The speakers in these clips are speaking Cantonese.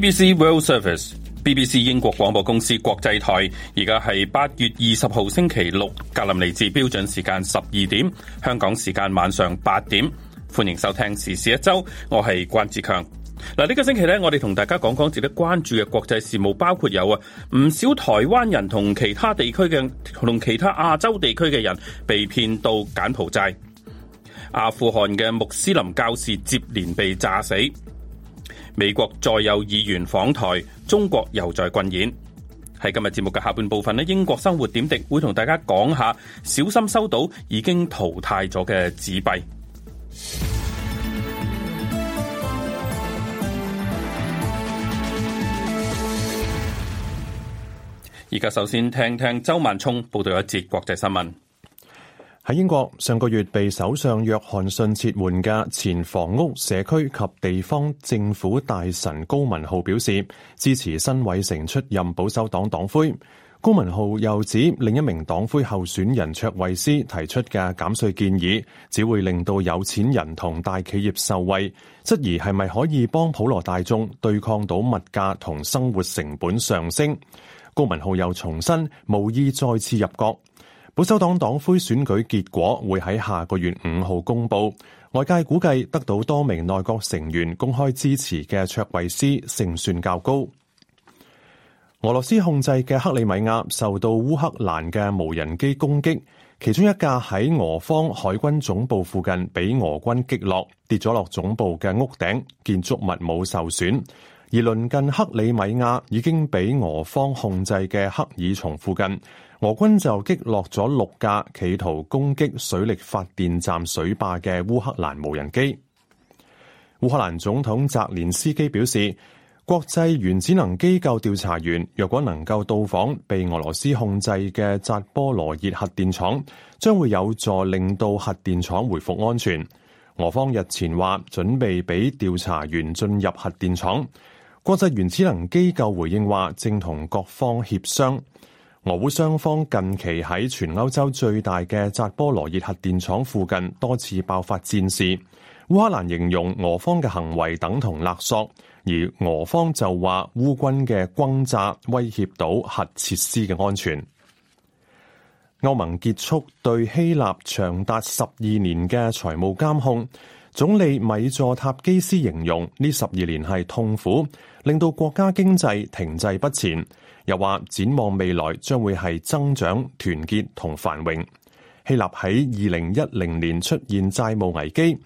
BBC World Service，BBC 英國廣播公司國際台，而家係八月二十號星期六，格林尼治標準時間十二點，香港時間晚上八點，歡迎收聽時事一周。我係關志強。嗱，呢個星期咧，我哋同大家講講值得關注嘅國際事務，包括有啊，唔少台灣人同其他地區嘅同其他亞洲地區嘅人被騙到柬埔寨。阿富汗嘅穆斯林教士接連被炸死。美國再有議員訪台，中國又再軍演。喺今日節目嘅下半部分呢，英國生活點滴會同大家講下小心收到已經淘汰咗嘅紙幣。而家首先聽聽周萬聰報道一節國際新聞。喺英國，上個月被首相約翰遜撤換嘅前房屋社區及地方政府大臣高文浩表示支持新偉成出任保守黨黨魁。高文浩又指另一名黨魁候選人卓慧斯提出嘅減稅建議只會令到有錢人同大企業受惠，質疑係咪可以幫普羅大眾對抗到物價同生活成本上升。高文浩又重申無意再次入閣。保守黨黨魁選舉結果會喺下個月五號公布，外界估計得到多名內閣成員公開支持嘅卓慧思勝算較高。俄羅斯控制嘅克里米亞受到烏克蘭嘅無人機攻擊，其中一架喺俄方海軍總部附近俾俄軍擊落，跌咗落總部嘅屋頂，建築物冇受損。而鄰近克里米亞已經俾俄方控制嘅克爾松附近。俄軍就擊落咗六架企圖攻擊水力發電站水壩嘅烏克蘭無人機。烏克蘭總統澤連斯基表示，國際原子能機構調查員若果能夠到訪被俄羅斯控制嘅扎波羅熱核電廠，將會有助令到核電廠回復安全。俄方日前話準備俾調查員進入核電廠，國際原子能機構回應話正同各方協商。俄烏雙方近期喺全歐洲最大嘅扎波羅熱核電廠附近多次爆發戰事。烏克蘭形容俄方嘅行為等同勒索，而俄方就話烏軍嘅轟炸威脅到核設施嘅安全。歐盟結束對希臘長達十二年嘅財務監控，總理米佐塔基斯形容呢十二年係痛苦，令到國家經濟停滯不前。又話展望未來將會係增長、團結同繁榮。希臘喺二零一零年出現債務危機，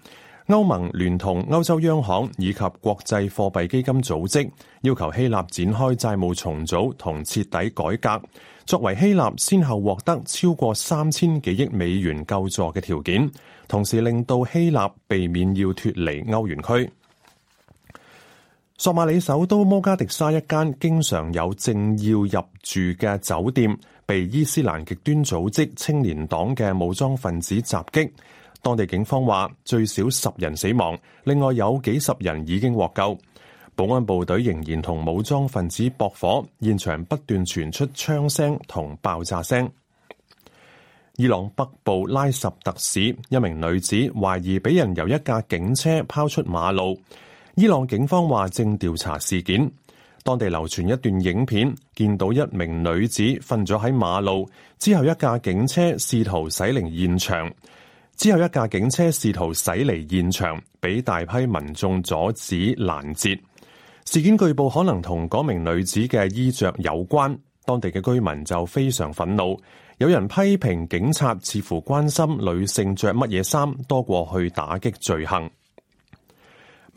歐盟聯同歐洲央行以及國際貨幣基金組織要求希臘展開債務重組同徹底改革，作為希臘先後獲得超過三千幾億美元救助嘅條件，同時令到希臘避免要脱離歐元區。索馬里首都摩加迪沙一間經常有政要入住嘅酒店，被伊斯蘭極端組織青年黨嘅武裝分子襲擊。當地警方話最少十人死亡，另外有幾十人已經獲救。保安部隊仍然同武裝分子駁火，現場不斷傳出槍聲同爆炸聲。伊朗北部拉什特市一名女子懷疑俾人由一架警車拋出馬路。伊朗警方話正調查事件，當地流傳一段影片，見到一名女子瞓咗喺馬路，之後一架警車試圖駛離現場，之後一架警車試圖駛離現場，畀大批民眾阻止攔截。事件據報可能同嗰名女子嘅衣着有關，當地嘅居民就非常憤怒，有人批評警察似乎關心女性着乜嘢衫多過去打擊罪行。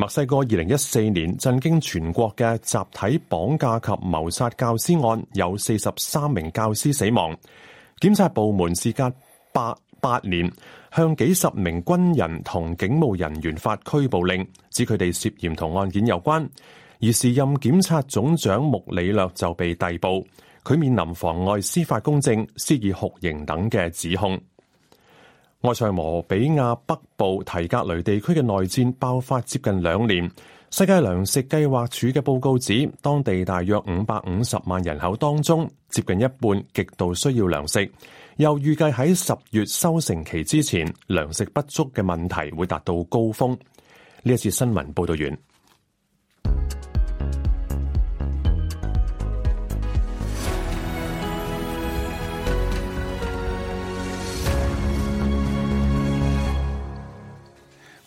墨西哥二零一四年震驚全國嘅集體綁架及謀殺教師案，有四十三名教師死亡。檢察部門事隔八八年，向幾十名軍人同警務人員發拘捕令，指佢哋涉嫌同案件有關。而時任檢察總長穆里略就被逮捕，佢面臨妨礙司法公正、施以酷刑等嘅指控。埃塞俄比亞北部提格雷地區嘅內戰爆發接近兩年，世界糧食計劃署嘅報告指，當地大約五百五十萬人口當中，接近一半極度需要糧食，又預計喺十月收成期之前，糧食不足嘅問題會達到高峰。呢一次新聞報道完。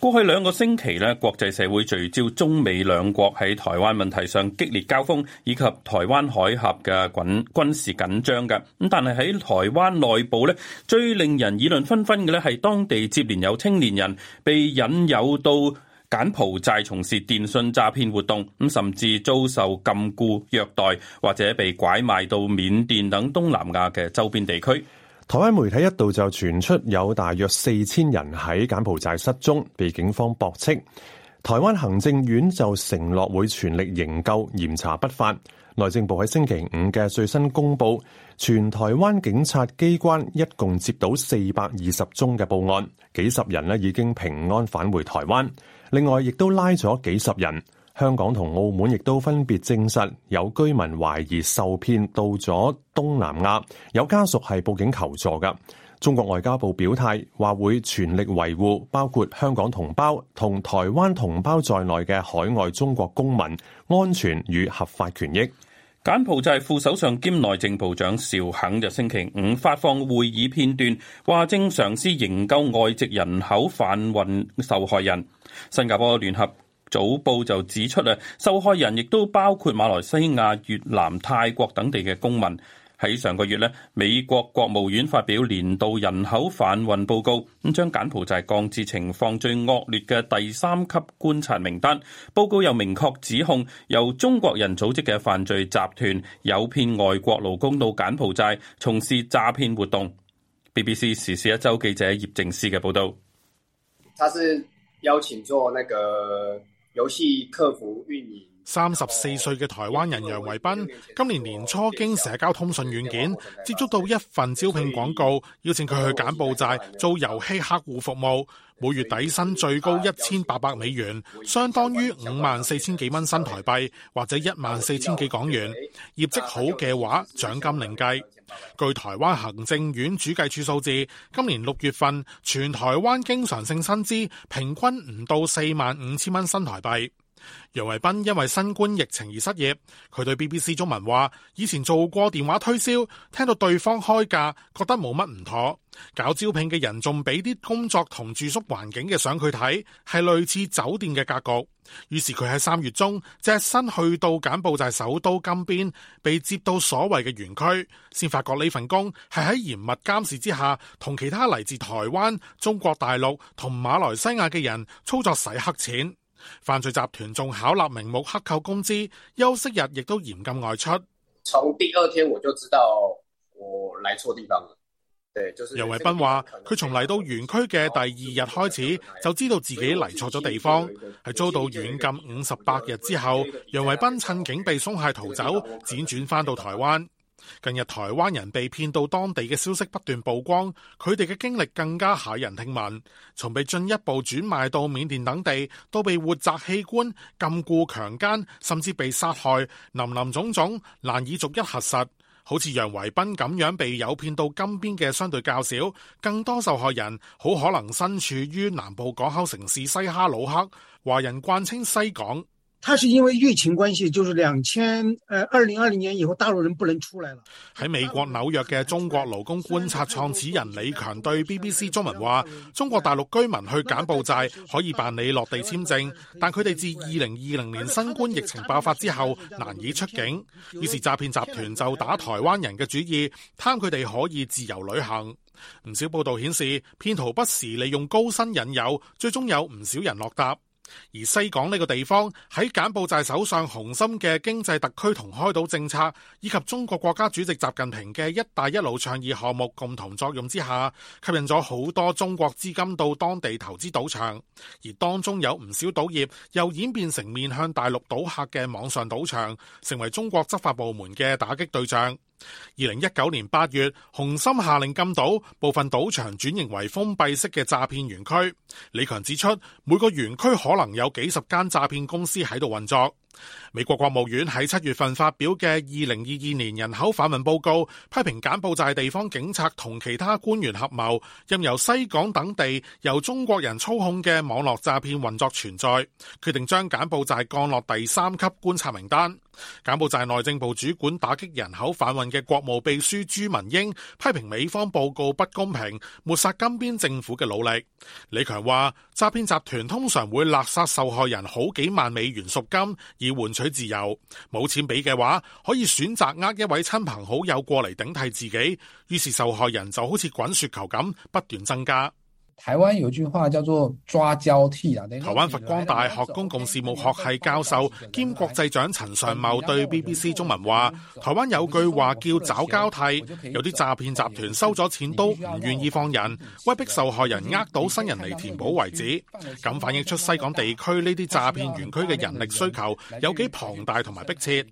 過去兩個星期咧，國際社會聚焦中美兩國喺台灣問題上激烈交鋒，以及台灣海峽嘅滾軍事緊張嘅。咁但係喺台灣內部咧，最令人議論紛紛嘅咧，係當地接連有青年人被引誘到柬埔寨從事電信詐騙活動，咁甚至遭受禁錮虐待或者被拐賣到緬甸等東南亞嘅周邊地區。台灣媒體一度就傳出有大約四千人喺柬埔寨失蹤，被警方駁斥。台灣行政院就承諾會全力營救、嚴查不法。內政部喺星期五嘅最新公布，全台灣警察機關一共接到四百二十宗嘅報案，幾十人咧已經平安返回台灣，另外亦都拉咗幾十人。香港同澳門亦都分別證實有居民懷疑受騙到咗東南亞，有家屬係報警求助噶。中國外交部表態話會全力維護包括香港同胞同台灣同胞在內嘅海外中國公民安全與合法權益。柬埔寨副首相兼內政部長邵肯就星期五發放會議片段，話正嘗試營救外籍人口販運受害人。新加坡聯合。早報就指出咧，受害人亦都包括馬來西亞、越南、泰國等地嘅公民。喺上個月咧，美國國務院發表年度人口販運報告，咁將柬埔寨降至情況最惡劣嘅第三級觀察名單。報告又明確指控由中國人組織嘅犯罪集團，誘騙外國勞工到柬埔寨從事詐騙活動。BBC 時事一周記者葉靜思嘅報道。他是邀請做那個。遊戲客服運營，三十四歲嘅台灣人楊維斌，今年年初經社交通訊軟件接觸到一份招聘廣告，邀請佢去柬埔寨做遊戲客戶服務，每月底薪最高一千八百美元，相當於五萬四千幾蚊新台幣或者一萬四千幾港元，業績好嘅話獎金另計。據台灣行政院主計處數字，今年六月份全台灣經常性薪資平均唔到四萬五千蚊新台幣。楊維斌因為新冠疫情而失業，佢對 BBC 中文話：以前做過電話推銷，聽到對方開價覺得冇乜唔妥。搞招聘嘅人仲俾啲工作同住宿環境嘅相佢睇，係類似酒店嘅格局。於是佢喺三月中，隻身去到柬埔寨首都金邊，被接到所謂嘅園區，先發覺呢份工係喺嚴密監視之下，同其他嚟自台灣、中國大陸同馬來西亞嘅人操作洗黑錢。犯罪集團仲巧立名目克扣工資，休息日亦都嚴禁外出。從第二天我就知道我嚟錯地方。楊、就是、惠斌話：佢從嚟到園區嘅第二日開始，就知道自己嚟錯咗地方，係遭到軟禁五十八日之後，楊惠斌趁警備鬆懈逃走，輾轉翻到台灣。近日台灣人被騙到當地嘅消息不斷曝光，佢哋嘅經歷更加駭人聽聞，從被進一步轉賣到緬甸等地，都被活摘器官、禁錮、強姦，甚至被殺害，林林總總難以逐一核實。好似楊維斌咁樣被誘騙到金邊嘅相對較少，更多受害人好可能身處於南部港口城市西哈努克，華人慣稱西港。他是因為疫情關係，就是兩千呃二零二零年以後，大陸人不能出來了。喺美國紐約嘅中國勞工觀察創始人李強對 BBC 中文話：中國大陸居民去柬埔寨可以辦理落地簽證，但佢哋自二零二零年新冠疫情爆發之後難以出境，於是詐騙集團就打台灣人嘅主意，貪佢哋可以自由旅行。唔少報道顯示，騙徒不時利用高薪引誘，最終有唔少人落搭。而西港呢個地方，喺柬埔寨首相洪森嘅經濟特區同開賭政策，以及中國國家主席習近平嘅一帶一路倡議項目共同作用之下，吸引咗好多中國資金到當地投資賭場。而當中有唔少賭業又演變成面向大陸賭客嘅網上賭場，成為中國執法部門嘅打擊對象。二零一九年八月，洪森下令禁賭，部分賭場轉型為封閉式嘅詐騙園區。李強指出，每個園區可能有幾十間詐騙公司喺度運作。美國國務院喺七月份發表嘅二零二二年人口販運報告，批評柬埔寨地方警察同其他官員合謀，任由西港等地由中國人操控嘅網絡詐騙運作存在，決定將柬埔寨降落第三級觀察名單。柬埔寨內政部主管打擊人口販運嘅國務秘書朱文英批評美方報告不公平，抹殺金邊政府嘅努力。李強話：詐騙集團通常會勒殺受害人好幾萬美元贖金。以換取自由，冇錢俾嘅話，可以選擇呃一位親朋好友過嚟頂替自己，於是受害人就好似滾雪球咁不斷增加。台灣有句話叫做抓交替啊！台灣佛光大學公共事務學系教授兼國際長陳尚茂對 BBC 中文話：台灣有句話叫找交替，有啲詐騙集團收咗錢都唔願意放人，威逼受害人呃到新人嚟填補為止，咁反映出西港地區呢啲詐騙園區嘅人力需求有幾龐大同埋迫切。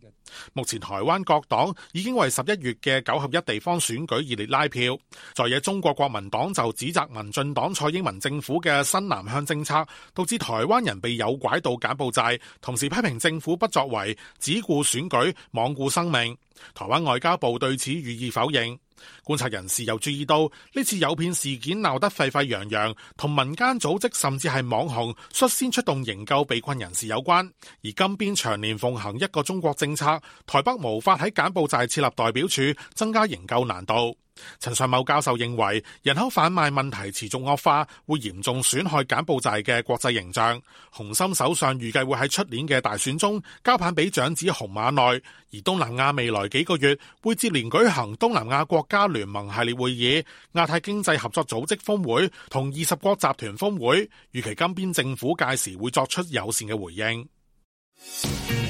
目前台灣各黨已經為十一月嘅九合一地方選舉熱烈拉票，在野中國國民黨就指責民進黨蔡英文政府嘅新南向政策導致台灣人被誘拐到柬埔寨，同時批評政府不作為，只顧選舉，罔顧生命。台灣外交部對此予以否認。觀察人士又注意到呢次誘騙事件鬧得沸沸揚揚，同民間組織甚至係網紅率先出動營救被困人士有關。而金邊長年奉行一個中國政策，台北無法喺柬埔寨設立代表處，增加營救難度。陳尚茂教授認為，人口販賣問題持續惡化，會嚴重損害柬埔寨嘅國際形象。洪森首相預計會喺出年嘅大選中交棒俾長子洪馬內。而東南亞未來幾個月會接連舉行東南亞國家聯盟系列會議、亞太經濟合作組織峰會同二十國集團峰會，預期金邊政府屆時會作出友善嘅回應。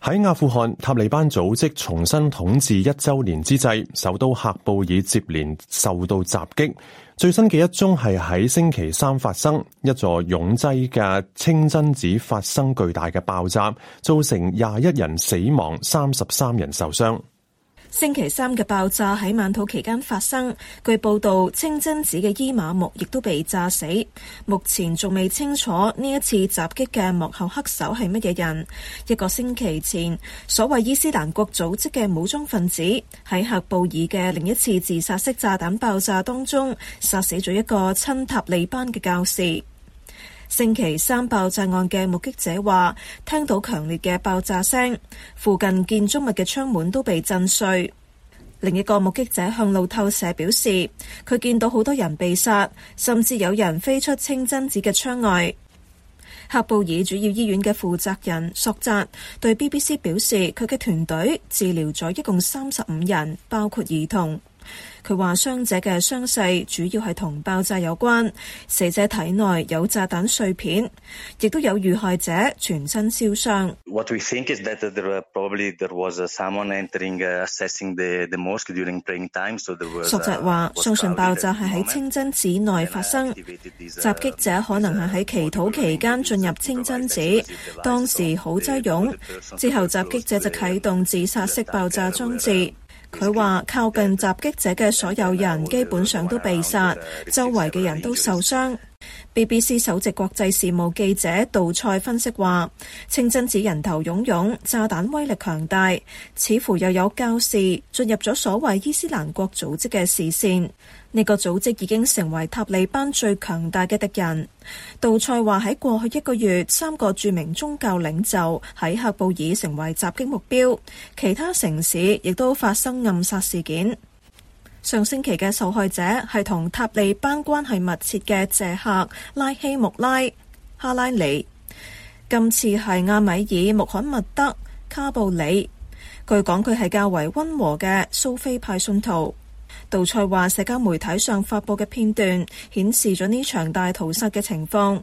喺阿富汗塔利班組織重新統治一周年之際，首都喀布爾接連受到襲擊。最新嘅一宗係喺星期三發生，一座擁擠嘅清真寺發生巨大嘅爆炸，造成廿一人死亡，三十三人受傷。星期三嘅爆炸喺晚禱期間發生，據報道，清真寺嘅伊瑪目亦都被炸死。目前仲未清楚呢一次襲擊嘅幕後黑手係乜嘢人。一個星期前，所謂伊斯蘭國組織嘅武裝分子喺喀布爾嘅另一次自殺式炸彈爆炸當中，殺死咗一個親塔利班嘅教士。星期三爆炸案嘅目擊者話，聽到強烈嘅爆炸聲，附近建築物嘅窗門都被震碎。另一個目擊者向路透社表示，佢見到好多人被殺，甚至有人飛出清真寺嘅窗外。喀布爾主要醫院嘅負責人索澤對 BBC 表示，佢嘅團隊治療咗一共三十五人，包括兒童。佢話傷者嘅傷勢主要係同爆炸有關，死者體內有炸彈碎片，亦都有遇害者全身燒傷。 實質話，相信爆炸係喺清真寺內發生，襲擊者可能係喺祈禱期間進入清真寺，當時好擠擁，之後襲擊者就啟動自殺式爆炸裝置。佢話：靠近襲擊者嘅所有人基本上都被殺，周圍嘅人都受傷。BBC 首席國際事務記者杜賽分析話：清真寺人頭湧湧，炸彈威力強大，似乎又有教士進入咗所謂伊斯蘭國組織嘅視線。呢個組織已經成為塔利班最強大嘅敵人。杜塞話喺過去一個月，三個著名宗教領袖喺喀布爾成為襲擊目標，其他城市亦都發生暗殺事件。上星期嘅受害者係同塔利班關係密切嘅謝赫拉希木拉哈拉尼，今次係阿米爾穆罕默德卡布里。據講佢係較為溫和嘅蘇菲派信徒。杜塞話：社交媒體上發布嘅片段顯示咗呢場大屠殺嘅情況。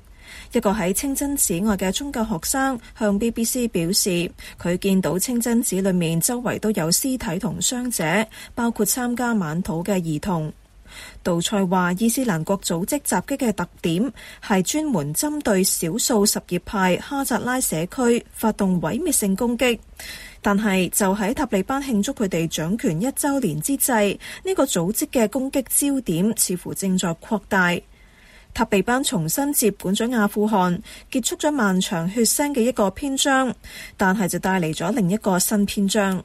一個喺清真寺外嘅宗教學生向 BBC 表示，佢見到清真寺裡面周圍都有屍體同傷者，包括參加晚禱嘅兒童。杜塞話：伊斯蘭國組織襲擊嘅特點係專門針對少數什葉派哈扎拉社區發動毀滅性攻擊。但係就喺塔利班慶祝佢哋掌權一周年之際，呢個組織嘅攻擊焦點似乎正在擴大。塔利班重新接管咗阿富汗，結束咗漫長血腥嘅一個篇章，但係就帶嚟咗另一個新篇章。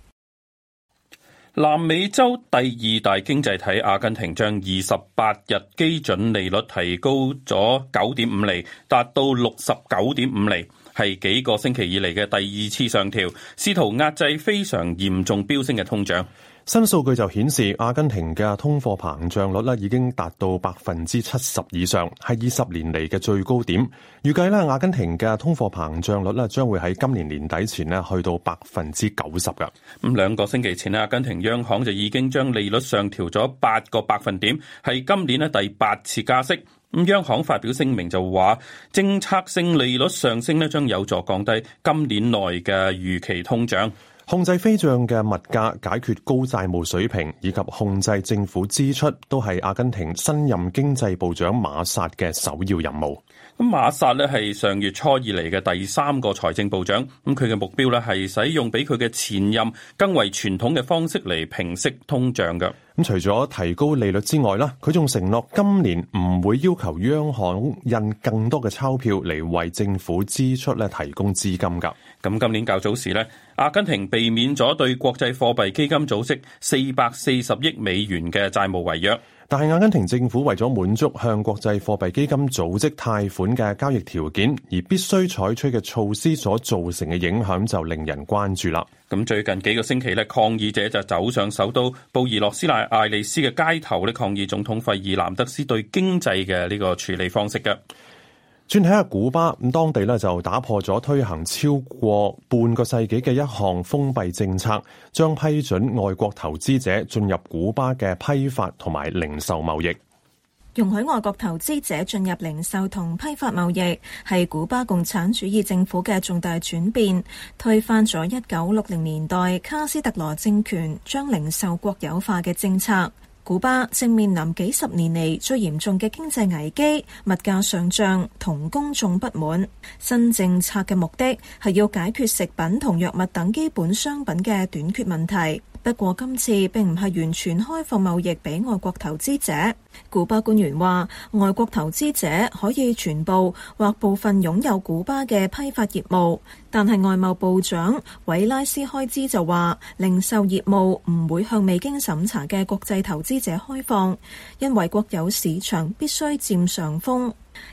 南美洲第二大經濟體阿根廷將二十八日基準利率提高咗九點五厘，達到六十九點五厘。係幾個星期以嚟嘅第二次上調，試圖壓制非常嚴重飆升嘅通脹。新數據就顯示，阿根廷嘅通貨膨脹率咧已經達到百分之七十以上，係二十年嚟嘅最高點。預計咧，阿根廷嘅通貨膨脹率咧將會喺今年年底前咧去到百分之九十噶。咁兩個星期前，阿根廷央行就已經將利率上調咗八個百分點，係今年咧第八次加息。咁央行發表聲明就話，政策性利率上升咧，將有助降低今年內嘅預期通脹，控制飛漲嘅物價，解決高債務水平以及控制政府支出，都係阿根廷新任經濟部長馬薩嘅首要任務。咁馬薩咧係上月初以嚟嘅第三個財政部長，咁佢嘅目標咧係使用比佢嘅前任更為傳統嘅方式嚟平息通脹嘅。除咗提高利率之外啦，佢仲承諾今年唔會要求央行印更多嘅鈔票嚟為政府支出提供資金㗎。咁今年較早時咧，阿根廷避免咗對國際貨幣基金組織四百四十億美元嘅債務違約，但係阿根廷政府為咗滿足向國際貨幣基金組織貸款嘅交易條件而必須採取嘅措施所造成嘅影響就令人關注啦。咁最近幾個星期咧，抗議者就走上首都布宜諾斯賴艾利斯嘅街頭咧抗議總統費爾南德斯對經濟嘅呢個處理方式嘅。先睇下古巴，咁當地咧就打破咗推行超過半個世紀嘅一項封閉政策，將批准外國投資者進入古巴嘅批發同埋零售貿易，容許外國投資者進入零售同批發貿易，係古巴共產主義政府嘅重大轉變，推翻咗一九六零年代卡斯特羅政權將零售國有化嘅政策。古巴正面臨幾十年嚟最嚴重嘅經濟危機，物價上漲同公眾不滿。新政策嘅目的係要解決食品同藥物等基本商品嘅短缺問題。不過今次並唔係完全開放貿易俾外國投資者。古巴官員話，外國投資者可以全部或部分擁有古巴嘅批發業務。但係，外貿部長韋拉斯開茲就話：零售業務唔會向未經審查嘅國際投資者開放，因為國有市場必須佔上風。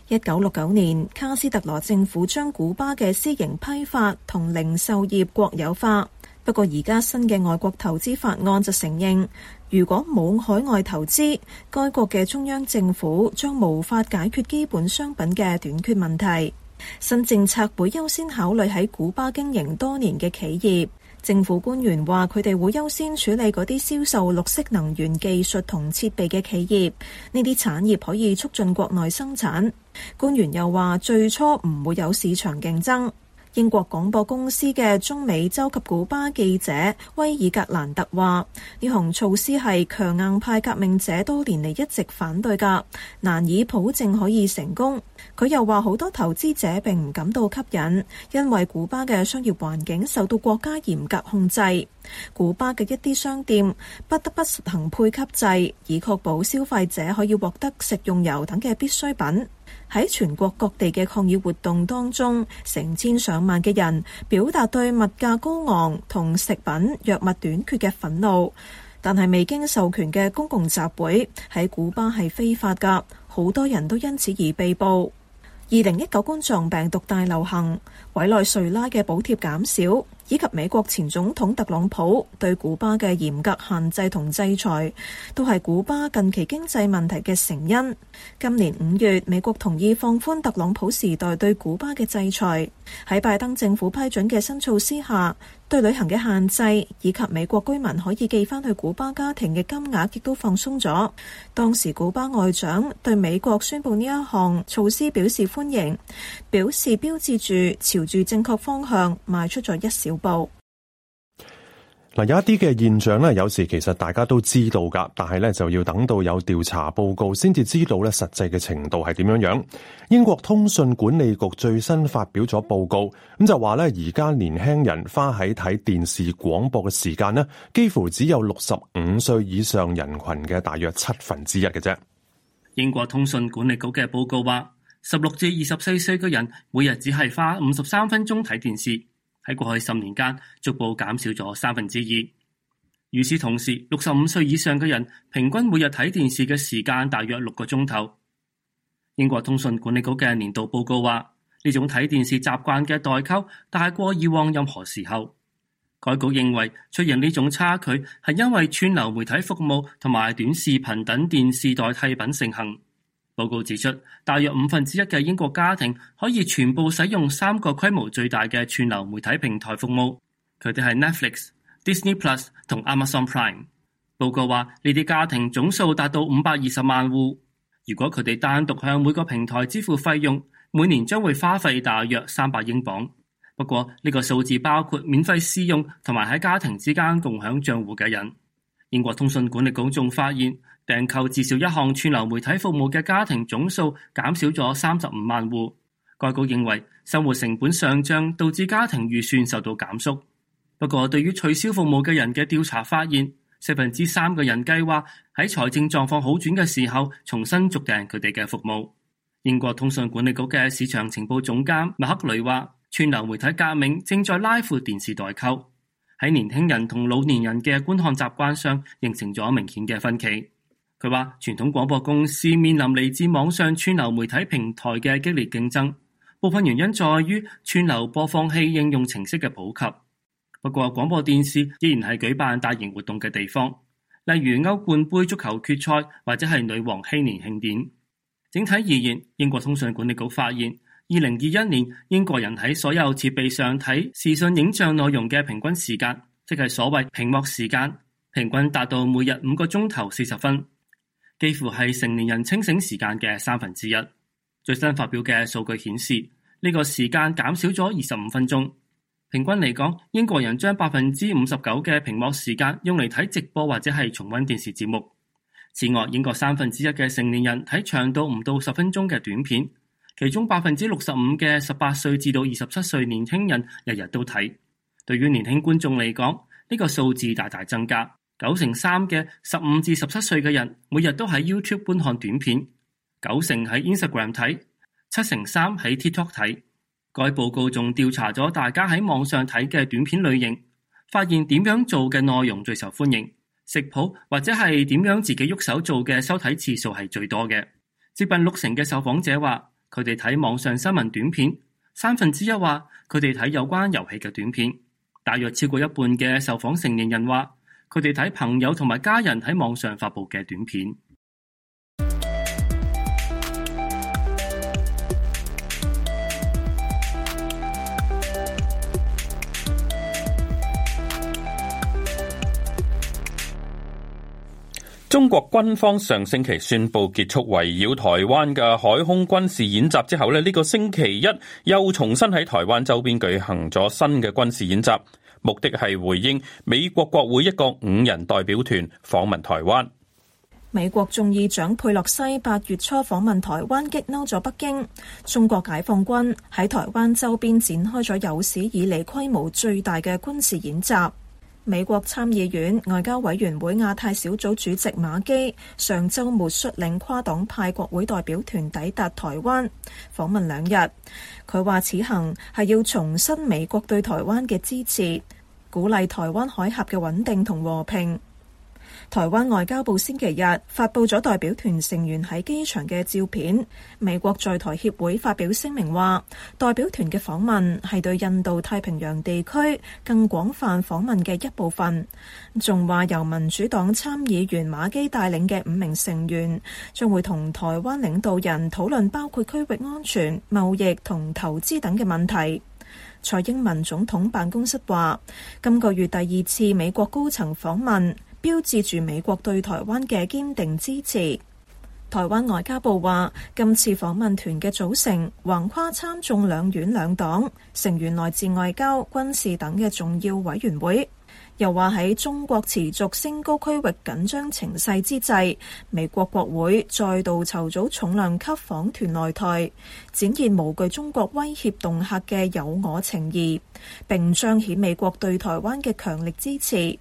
一九六九年，卡斯特羅政府將古巴嘅私營批發同零售業國有化。不過，而家新嘅外國投資法案就承認，如果冇海外投資，該國嘅中央政府將無法解決基本商品嘅短缺問題。新政策會優先考慮喺古巴經營多年嘅企業。政府官員話佢哋會優先處理嗰啲銷售綠色能源技術同設備嘅企業，呢啲產業可以促進國內生產。官員又話最初唔會有市場競爭。英國廣播公司嘅中美洲及古巴記者威爾格蘭特話，呢項措施係強硬派革命者多年嚟，一直反對噶，難以保證可以成功。佢又話：好多投資者並唔感到吸引，因為古巴嘅商業環境受到國家嚴格控制。古巴嘅一啲商店不得不實行配給制，以確保消費者可以獲得食用油等嘅必需品。喺全國各地嘅抗議活動當中，成千上萬嘅人表達對物價高昂同食品藥物短缺嘅憤怒。但係，未經授權嘅公共集會喺古巴係非法㗎。好多人都因此而被捕。二零一九冠狀病毒大流行、委內瑞拉嘅補貼減少，以及美國前總統特朗普對古巴嘅嚴格限制同制裁，都係古巴近期經濟問題嘅成因。今年五月，美國同意放寬特朗普時代對古巴嘅制裁。喺拜登政府批准嘅新措施下，對旅行嘅限制，以及美國居民可以寄翻去古巴家庭嘅金額，亦都放鬆咗。當時古巴外長對美國宣布呢一項措施表示歡迎，表示標誌住朝住正確方向邁出咗一小步。有一啲嘅現象咧，有時其實大家都知道噶，但係咧，就要等到有調查報告先至知道咧，實際嘅程度係點樣樣。英國通訊管理局最新發表咗報告，咁就話咧，而家年輕人花喺睇電視廣播嘅時間呢，幾乎只有六十五歲以上人群嘅大約七分之一嘅啫。英國通訊管理局嘅報告話，十六至二十四歲嘅人每日只係花五十三分鐘睇電視喺過去十年間逐步減少咗三分之二。與此同時，六十五歲以上嘅人平均每日睇電視嘅時間大約六個鐘頭。英國通訊管理局嘅年度報告話，呢種睇電視習慣嘅代溝大過以往任何時候。該局認為出現呢種差距係因為串流媒體服務同埋短視頻等電視代替品盛行。報告指出，大約五分之一嘅英國家庭可以全部使用三個規模最大嘅串流媒體平台服務，佢哋係 Netflix、Disney Plus 同 Amazon Prime。報告話，呢啲家庭總數達到五百二十萬戶。如果佢哋單獨向每個平台支付費用，每年將會花費大約三百英鎊。不過呢個數字包括免費私用同埋喺家庭之間共享帳戶嘅人。英國通信管理局仲發現。訂購至少一項串流媒體服務嘅家庭總數減少咗三十五萬戶。該局認為生活成本上漲導致家庭預算受到減縮，不過，對於取消服務嘅人嘅調查發現，四分之三嘅人計劃喺財政狀況好轉嘅時候重新續訂佢哋嘅服務。英國通訊管理局嘅市場情報總監麥克雷話：串流媒體革命正在拉闊電視代溝，喺年輕人同老年人嘅觀看習慣上形成咗明顯嘅分歧。佢話：傳統廣播公司面臨嚟自網上串流媒體平台嘅激烈競爭，部分原因在於串流播放器應用程式嘅普及。不過，廣播電視依然係舉辦大型活動嘅地方，例如歐冠杯足球決賽或者係女王禧年慶典。整體而言，英國通訊管理局發現，二零二一年英國人喺所有設備上睇視訊影像內容嘅平均時間，即係所謂屏幕時間，平均達到每日五個鐘頭四十分。幾乎係成年人清醒時間嘅三分之一。最新發表嘅數據顯示，呢個時間減少咗二十五分鐘。平均嚟講，英國人將百分之五十九嘅屏幕時間用嚟睇直播或者係重溫電視節目。此外，英國三分之一嘅成年人睇長度唔到十分鐘嘅短片，其中百分之六十五嘅十八歲至到二十七歲年輕人日日都睇。對於年輕觀眾嚟講，呢個數字大大增加。九成三嘅十五至十七歲嘅人，每日都喺 YouTube 觀看短片，九成喺 Instagram 睇，七成三喺 TikTok 睇。該報告仲調查咗大家喺網上睇嘅短片類型，發現點樣做嘅內容最受歡迎，食譜或者係點樣自己喐手做嘅收睇次數係最多嘅。接近六成嘅受訪者話，佢哋睇網上新聞短片，三分之一話佢哋睇有關遊戲嘅短片，大約超過一半嘅受訪成年人話，佢哋睇朋友同埋家人喺網上發布嘅短片。中國軍方上星期宣布結束圍繞台灣嘅海空軍事演習之後咧，呢個星期一又重新喺台灣周邊舉行咗新嘅軍事演習。目的係回應美國國會一個五人代表團訪問台灣。美國眾議長佩洛西八月初訪問台灣，激嬲咗北京。中國解放軍喺台灣周邊展開咗有史以嚟規模最大嘅軍事演習。美國參議院外交委員會亞太小組主席馬基上周末率領跨黨派國會代表團抵達台灣訪問兩日，佢話此行係要重申美國對台灣嘅支持，鼓勵台灣海峽嘅穩定同和，和平。台灣外交部星期日發佈咗代表團成員喺機場嘅照片。美國在台協會發表聲明話，代表團嘅訪問係對印度太平洋地區更廣泛訪問嘅一部分。仲話由民主黨參議員馬基帶領嘅五名成員，將會同台灣領導人討論包括區域安全、貿易同投資等嘅問題。蔡英文總統辦公室話，今個月第二次美國高層訪問。標誌住美國對台灣嘅堅定支持。台灣外交部話，今次訪問團嘅組成橫跨參眾兩院兩黨，成員來自外交、軍事等嘅重要委員會。又話喺中國持續升高區域緊張情勢之際，美國國會再度籌組重量級訪團來台，展現無懼中國威脅恫嚇嘅友我情誼，並彰顯美國對台灣嘅強力支持。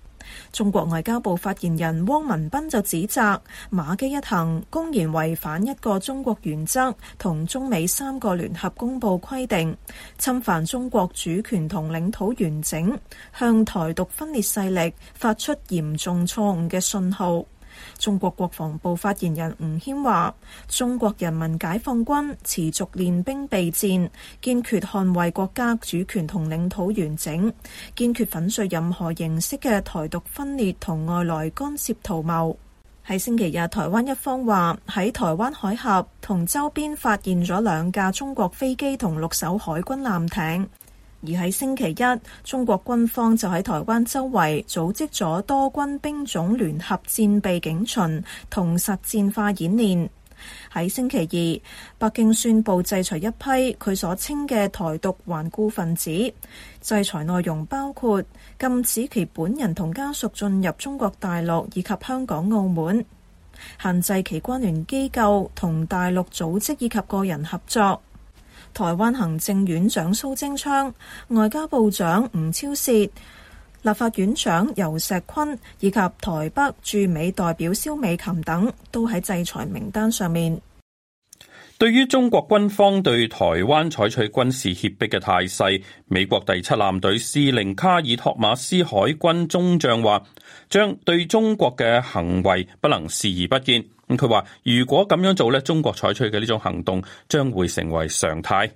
中國外交部發言人汪文斌就指責馬基一行公然違反一個中國原則同中美三個聯合公報規定，侵犯中國主權同領土完整，向台獨分裂勢力發出嚴重錯誤嘅信號。中國國防部發言人吳謙話，中國人民解放軍持續練兵備戰，堅決捍衛國家主權同領土完整，堅決粉碎任何形式嘅台獨分裂同外來干涉圖謀。喺星期日，台灣一方話，喺台灣海峽同周邊發現咗兩架中國飛機同六艘海軍艦艇。而喺星期一，中國軍方就喺台灣周圍組織咗多軍兵種聯合戰備警巡同實戰化演練。喺星期二，北京宣佈制裁一批佢所稱嘅台獨頑固分子，制裁內容包括禁止其本人同家屬進入中國大陸以及香港澳門，限制其關聯機構同大陸組織以及個人合作。台灣行政院長蘇貞昌、外交部長吳釗燮、立法院長游錫堃以及台北駐美代表蕭美琴等都喺制裁名單上面。對於中國軍方對台灣採取軍事脅迫嘅態勢，美國第七艦隊司令卡爾托馬斯海軍中將話：將對中國嘅行為不能視而不見。咁佢話如果咁樣做咧，中國採取嘅呢種行動將會成為常態。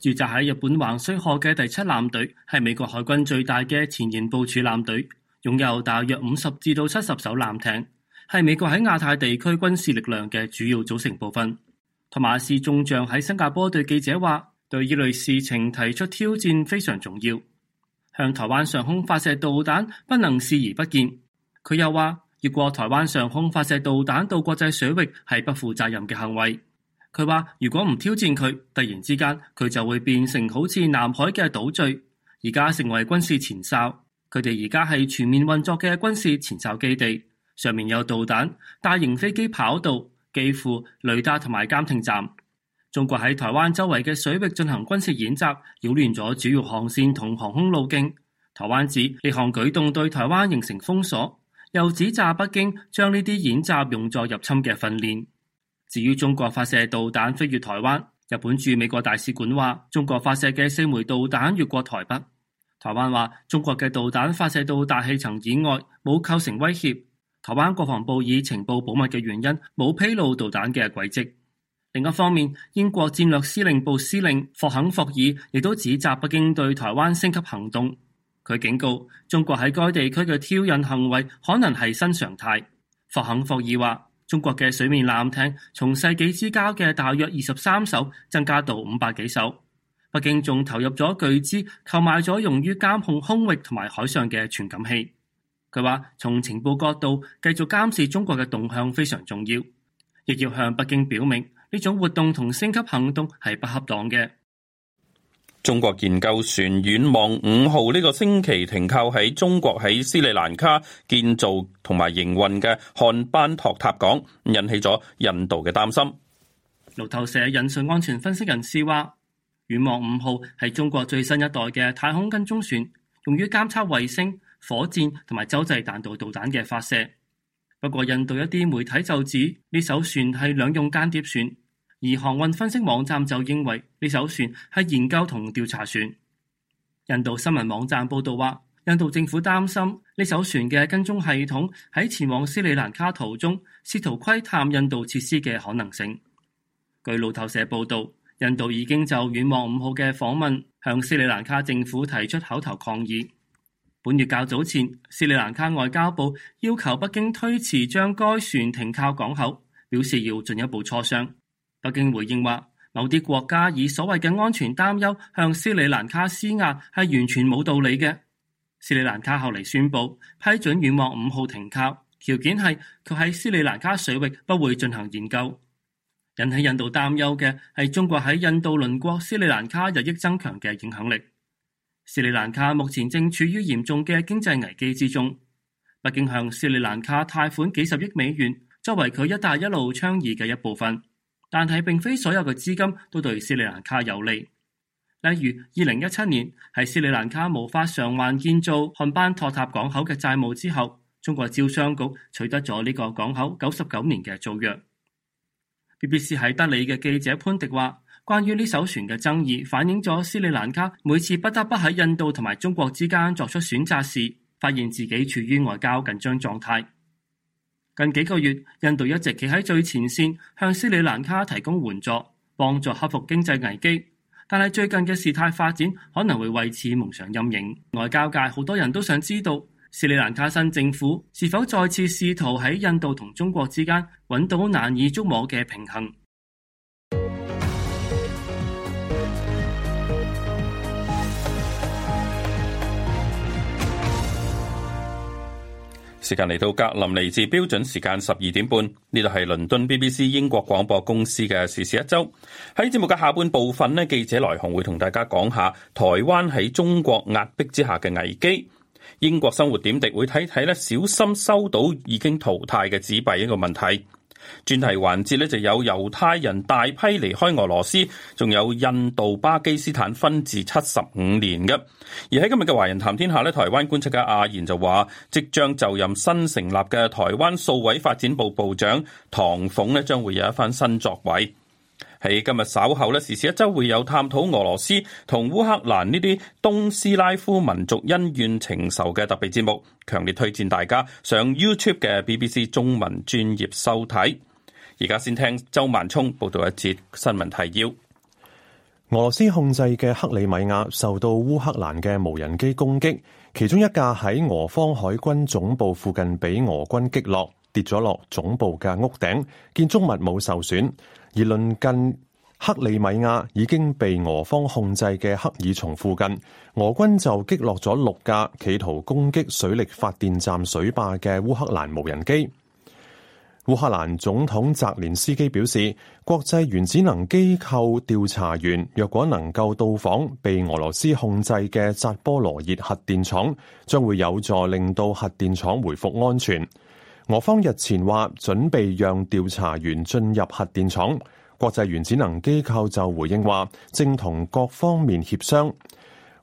駐紮喺日本橫須賀嘅第七艦隊係美國海軍最大嘅前沿部署艦隊，擁有大約五十至到七十艘艦艇，係美國喺亞太地區軍事力量嘅主要組成部分。托馬斯中將喺新加坡對記者話：對呢類事情提出挑戰非常重要。向台灣上空發射導彈，不能視而不見。佢又話。越過台灣上空發射導彈到國際水域係不負責任嘅行為。佢話如果唔挑戰佢，突然之間佢就會變成好似南海嘅島嶼，而家成為軍事前哨，佢哋而家係全面運作嘅軍事前哨基地，上面有導彈、大型飛機跑道、機庫、雷達同埋監聽站。中國喺台灣周圍嘅水域進行軍事演習，擾亂咗主要航線同航空路徑。台灣指呢項舉動對台灣形成封鎖。又指責北京將呢啲演習用作入侵嘅訓練。至於中國發射導彈飛越台灣，日本駐美國大使館話中國發射嘅四枚導彈越過台北。台灣話中國嘅導彈發射到大氣層以外，冇構成威脅。台灣國防部以情報保密嘅原因，冇披露導彈嘅軌跡。另一方面，英國戰略司令部司令霍肯霍爾亦都指責北京對台灣升級行動。佢警告中國喺該地區嘅挑釁行為可能係新常態。霍肯霍爾話，中國嘅水面艦艇從世紀之交嘅大約二十三艘增加到五百幾艘。北京仲投入咗巨資購買咗用於監控空域同埋海上嘅傳感器。佢話，從情報角度繼續監視中國嘅動向非常重要，亦要向北京表明呢種活動同升級行動係不恰當嘅。中國研究船遠望五號呢個星期停靠喺中國喺斯里蘭卡建造同埋營運嘅漢班托塔港，引起咗印度嘅擔心。路透社引述安全分析人士話，遠望五號係中國最新一代嘅太空跟蹤船，用於監測衛星、火箭同埋洲際彈道導彈嘅發射。不過，印度一啲媒體就指呢艘船係兩用間諜船。而航運分析網站就認為呢艘船係研究同調查船。印度新聞網站報道話，印度政府擔心呢艘船嘅跟蹤系統喺前往斯里蘭卡途中試圖窺探印度設施嘅可能性。據路透社報道，印度已經就遠望五號嘅訪問向斯里蘭卡政府提出口頭抗議。本月較早前，斯里蘭卡外交部要求北京推遲將該船停靠港口，表示要進一步磋商。北京回應話，某啲國家以所謂嘅安全擔憂向斯里蘭卡施壓係完全冇道理嘅。斯里蘭卡後嚟宣布批准遠望五號停靠，條件係佢喺斯里蘭卡水域不會進行研究。引起印度擔憂嘅係中國喺印度鄰國斯里蘭卡日益增強嘅影響力。斯里蘭卡目前正處於嚴重嘅經濟危機之中，北京向斯里蘭卡貸款幾十億美元，作為佢一帶一路倡議嘅一部分。但係，並非所有嘅資金都對斯里蘭卡有利。例如，二零一七年喺斯里蘭卡無法償還建造漢班托塔港口嘅債務之後，中國招商局取得咗呢個港口九十九年嘅租約。BBC 喺德里嘅記者潘迪話：關於呢艘船嘅爭議，反映咗斯里蘭卡每次不得不喺印度同埋中國之間作出選擇時，發現自己處於外交緊張狀態。近幾個月，印度一直企喺最前線，向斯里蘭卡提供援助，幫助克服經濟危機。但係最近嘅事態發展，可能會為此蒙上陰影。外交界好多人都想知道，斯里蘭卡新政府是否再次試圖喺印度同中國之間揾到難以捉摸嘅平衡。時間嚟到格林尼治標準時間十二點半，呢度係倫敦 BBC 英國廣播公司嘅時事一周。喺節目嘅下半部分呢，記者來鴻會同大家講下台灣喺中國壓迫之下嘅危機。英國生活點滴會睇睇咧，小心收到已經淘汰嘅紙幣一個問題。專題環節咧就有猶太人大批離開俄羅斯，仲有印度、巴基斯坦分治七十五年嘅。而喺今日嘅《華人談天下》咧，台灣觀察家阿賢就話，即將就任新成立嘅台灣數位發展部部長唐鳳咧，將會有一番新作為。喺今日稍後咧，時事一周會有探討俄羅斯同烏克蘭呢啲東斯拉夫民族恩怨情仇嘅特別節目，強烈推薦大家上 YouTube 嘅 BBC 中文專業收睇。而家先聽周萬聰報道一節新聞提要：俄羅斯控制嘅克里米亞受到烏克蘭嘅無人機攻擊，其中一架喺俄方海軍總部附近俾俄軍擊落，跌咗落總部嘅屋頂，建築物冇受損。而鄰近克里米亞已經被俄方控制嘅赫爾松附近，俄軍就擊落咗六架企圖攻擊水力發電站水壩嘅烏克蘭無人機。烏克蘭總統澤連斯基表示，國際原子能機構調查員若果能夠到訪被俄羅斯控制嘅扎波羅熱核電廠，將會有助令到核電廠回復安全。俄方日前話準備讓調查員進入核電廠，國際原子能機構就回應話正同各方面協商。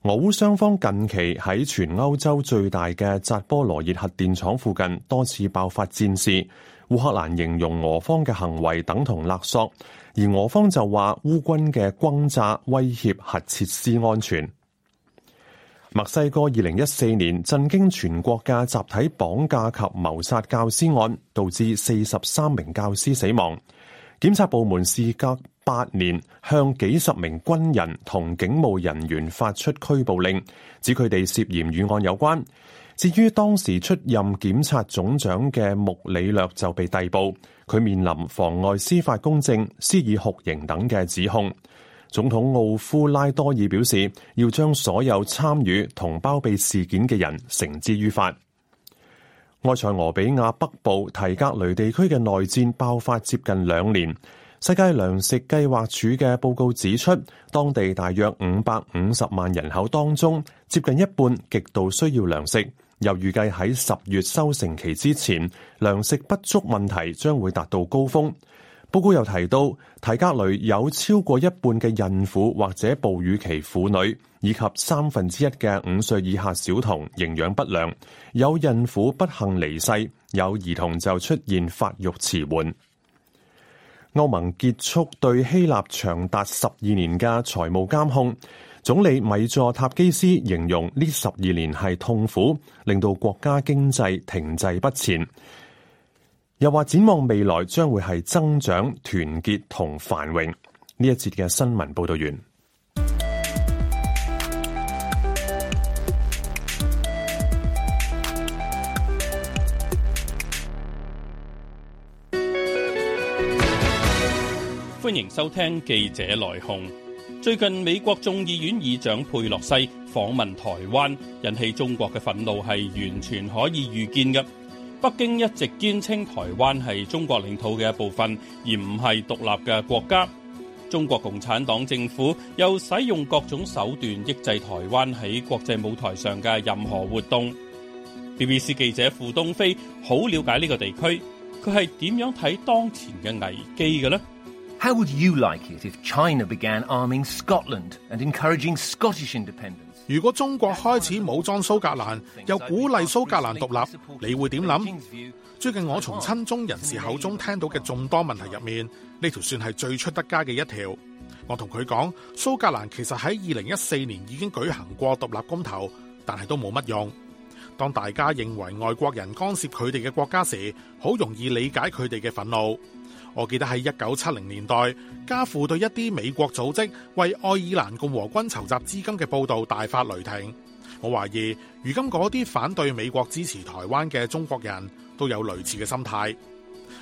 俄烏雙方近期喺全歐洲最大嘅扎波羅熱核電廠附近多次爆發戰事，烏克蘭形容俄方嘅行為等同勒索，而俄方就話烏軍嘅轟炸威脅核設施安全。墨西哥二零一四年震驚全國嘅集體綁架及謀殺教師案，導致四十三名教師死亡。檢察部門事隔八年，向幾十名軍人同警務人員發出拘捕令，指佢哋涉嫌與案有關。至於當時出任檢察總長嘅穆里略就被逮捕，佢面臨妨礙司法公正、施以酷刑等嘅指控。總統奧夫拉多爾表示，要將所有參與同包庇事件嘅人繩之於法。埃塞俄比亞北部提格雷地區嘅內戰爆發接近兩年，世界糧食計劃署嘅報告指出，當地大約五百五十萬人口當中，接近一半極度需要糧食，又預計喺十月收成期之前，糧食不足問題將會達到高峰。報告又提到，提格雷有超過一半嘅孕婦或者哺乳期婦女，以及三分之一嘅五歲以下小童營養不良；有孕婦不幸離世，有兒童就出現發育遲緩。歐盟結束對希臘長達十二年嘅財務監控，總理米佐塔基斯形容呢十二年係痛苦，令到國家經濟停滯不前。又話展望未來將會係增長、團結同繁榮。呢一節嘅新聞報道完。歡迎收聽記者來鴻。最近美國眾議院議長佩洛西訪問台灣，引起中國嘅憤怒係完全可以預見嘅。北京一直堅稱台灣係中國領土嘅一部分，而唔係獨立嘅國家。中國共產黨政府又使用各種手段抑制台灣喺國際舞台上嘅任何活動。BBC 記者付東飛好了解呢個地區，佢係點樣睇當前嘅危機嘅咧？如果中國開始武裝蘇格蘭，又鼓勵蘇格蘭獨立，你會點諗？最近我從親中人士口中聽到嘅眾多問題入面，呢條算係最出得街嘅一條。我同佢講，蘇格蘭其實喺二零一四年已經舉行過獨立公投，但係都冇乜用。當大家認為外國人干涉佢哋嘅國家時，好容易理解佢哋嘅憤怒。我記得喺一九七零年代，家父對一啲美國組織為愛爾蘭共和軍籌集資金嘅報道大發雷霆。我懷疑，如今嗰啲反對美國支持台灣嘅中國人都有類似嘅心態。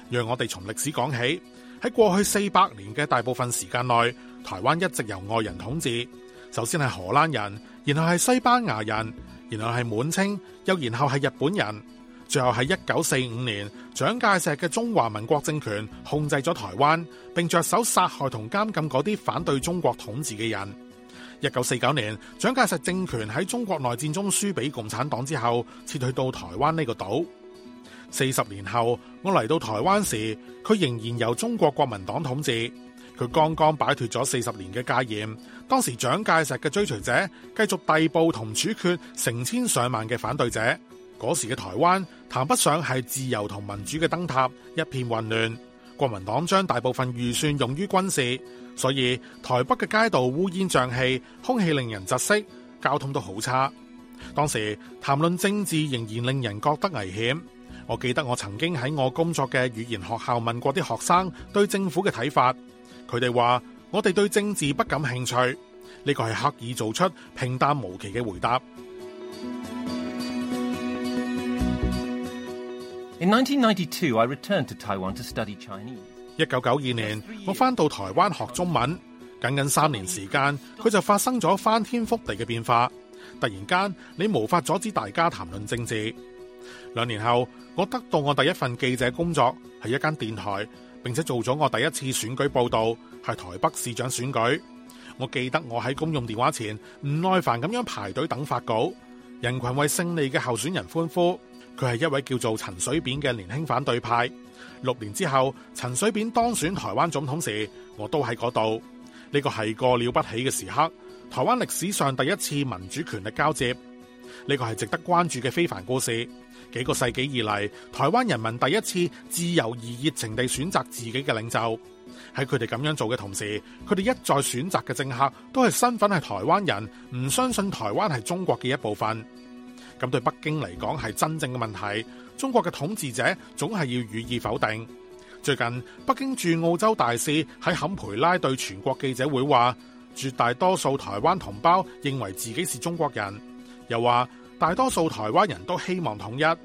讓我哋從歷史講起，喺過去四百年嘅大部分時間內，台灣一直由外人統治。首先係荷蘭人，然後係西班牙人。然後係滿清，又然後係日本人，最後係一九四五年，蔣介石嘅中華民國政權控制咗台灣，並着手殺害同監禁嗰啲反對中國統治嘅人。一九四九年，蔣介石政權喺中國內戰中輸俾共產黨之後，撤退到台灣呢個島。四十年後，我嚟到台灣時，佢仍然由中國國民黨統治。佢剛剛擺脫咗四十年嘅戒嚴，當時蔣介石嘅追隨者繼續逮捕同處決成千上萬嘅反對者。嗰時嘅台灣談不上係自由同民主嘅燈塔，一片混亂。國民黨將大部分預算用於軍事，所以台北嘅街道烏煙瘴氣，空氣令人窒息，交通都好差。當時談論政治仍然令人覺得危險。我記得我曾經喺我工作嘅語言學校問過啲學生對政府嘅睇法。佢哋話：我哋對政治不感興趣，呢個係刻意做出平淡無奇嘅回答。一九九二年，我返到台灣學中文，僅僅三年時間，佢就發生咗翻天覆地嘅變化。突然間，你無法阻止大家談論政治。兩年後，我得到我第一份記者工作，係一間電台。並且做咗我第一次選舉報導，係台北市長選舉。我記得我喺公用電話前唔耐煩咁樣排隊等發稿，人群為勝利嘅候選人歡呼。佢係一位叫做陳水扁嘅年輕反對派。六年之後，陳水扁當選台灣總統時，我都喺嗰度。呢個係個了不起嘅時刻，台灣歷史上第一次民主權力交接。呢個係值得關注嘅非凡故事。幾個世紀以嚟，台灣人民第一次自由而熱情地選擇自己嘅領袖。喺佢哋咁樣做嘅同時，佢哋一再選擇嘅政客都係身份係台灣人，唔相信台灣係中國嘅一部分。咁對北京嚟講係真正嘅問題，中國嘅統治者總係要予以否定。最近，北京駐澳洲大使喺坎培拉對全國記者會話，絕大多數台灣同胞認為自己是中國人。又話。大多數台灣人都希望統一。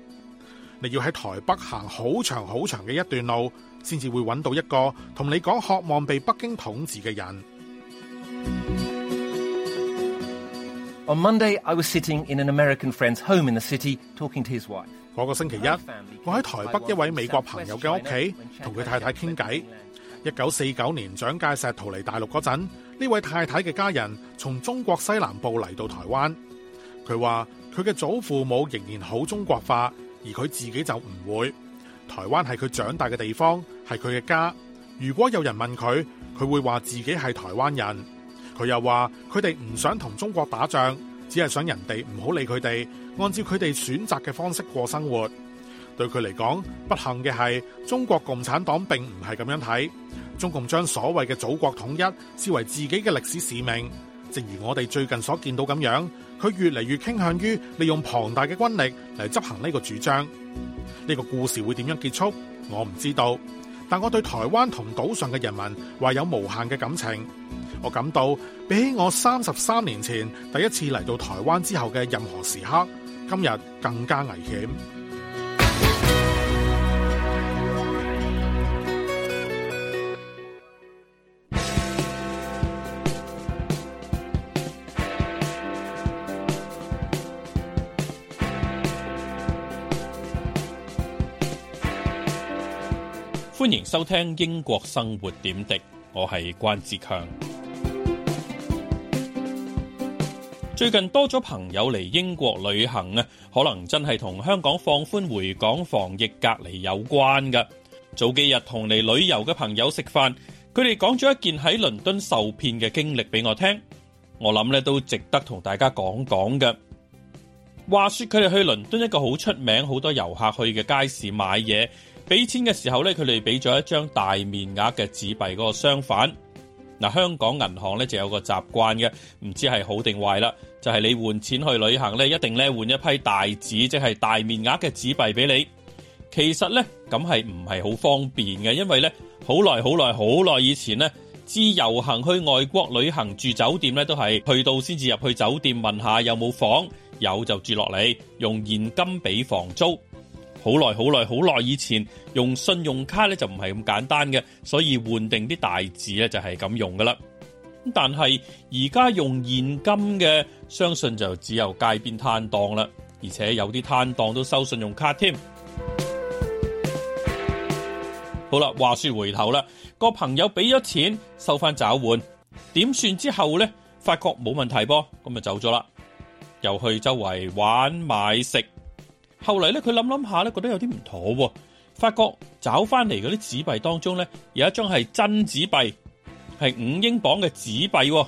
你要喺台北行好長好長嘅一段路，先至會揾到一個同你講渴望被北京統治嘅人。On Monday, I was sitting in an American friend's home in the city, talking to his wife。嗰個星期一，我喺台北一位美國朋友嘅屋企同佢太太傾偈。一九四九年蔣介石逃離大陸嗰陣，呢位太太嘅家人從中國西南部嚟到台灣。佢話。佢嘅祖父母仍然好中國化，而佢自己就唔會。台灣係佢長大嘅地方，係佢嘅家。如果有人問佢，佢會話自己係台灣人。佢又話佢哋唔想同中國打仗，只係想人哋唔好理佢哋，按照佢哋選擇嘅方式過生活。對佢嚟講，不幸嘅係中國共產黨並唔係咁樣睇。中共將所謂嘅祖國統一視為自己嘅歷史使命，正如我哋最近所見到咁樣。佢越嚟越傾向於利用龐大嘅軍力嚟執行呢個主張。呢、這個故事會點樣結束？我唔知道，但我對台灣同島上嘅人民懷有無限嘅感情。我感到比起我三十三年前第一次嚟到台灣之後嘅任何時刻，今日更加危險。收聽英國生活點滴，我係關志強。最近多咗朋友嚟英國旅行啊，可能真係同香港放寬回港防疫隔離有關噶。早幾日同嚟旅遊嘅朋友食飯，佢哋講咗一件喺倫敦受騙嘅經歷俾我聽，我諗咧都值得同大家講講噶。話說佢哋去倫敦一個好出名、好多遊客去嘅街市買嘢。俾錢嘅時候呢，佢哋俾咗一張大面額嘅紙幣嗰個相反。嗱，香港銀行呢就有個習慣嘅，唔知係好定壞啦。就係你換錢去旅行呢，一定呢換一批大紙，即係大面額嘅紙幣俾你。其實呢，咁係唔係好方便嘅，因為呢好耐好耐好耐以前呢，自由行去外國旅行住酒店呢，都係去到先至入去酒店問下有冇房，有就住落嚟，用現金俾房租。好耐好耐好耐以前用信用卡咧就唔係咁簡單嘅，所以換定啲大字咧就係咁用噶啦。但係而家用現金嘅，相信就只有街邊攤檔啦，而且有啲攤檔都收信用卡添。好啦，話說回頭啦，個朋友俾咗錢收翻，找換，點算之後呢？發覺冇問題噃，咁就走咗啦，又去周圍玩買食。後嚟咧，佢諗諗下咧，覺得有啲唔妥，發覺找翻嚟嗰啲紙幣當中咧，有一張係真紙幣，係五英鎊嘅紙幣，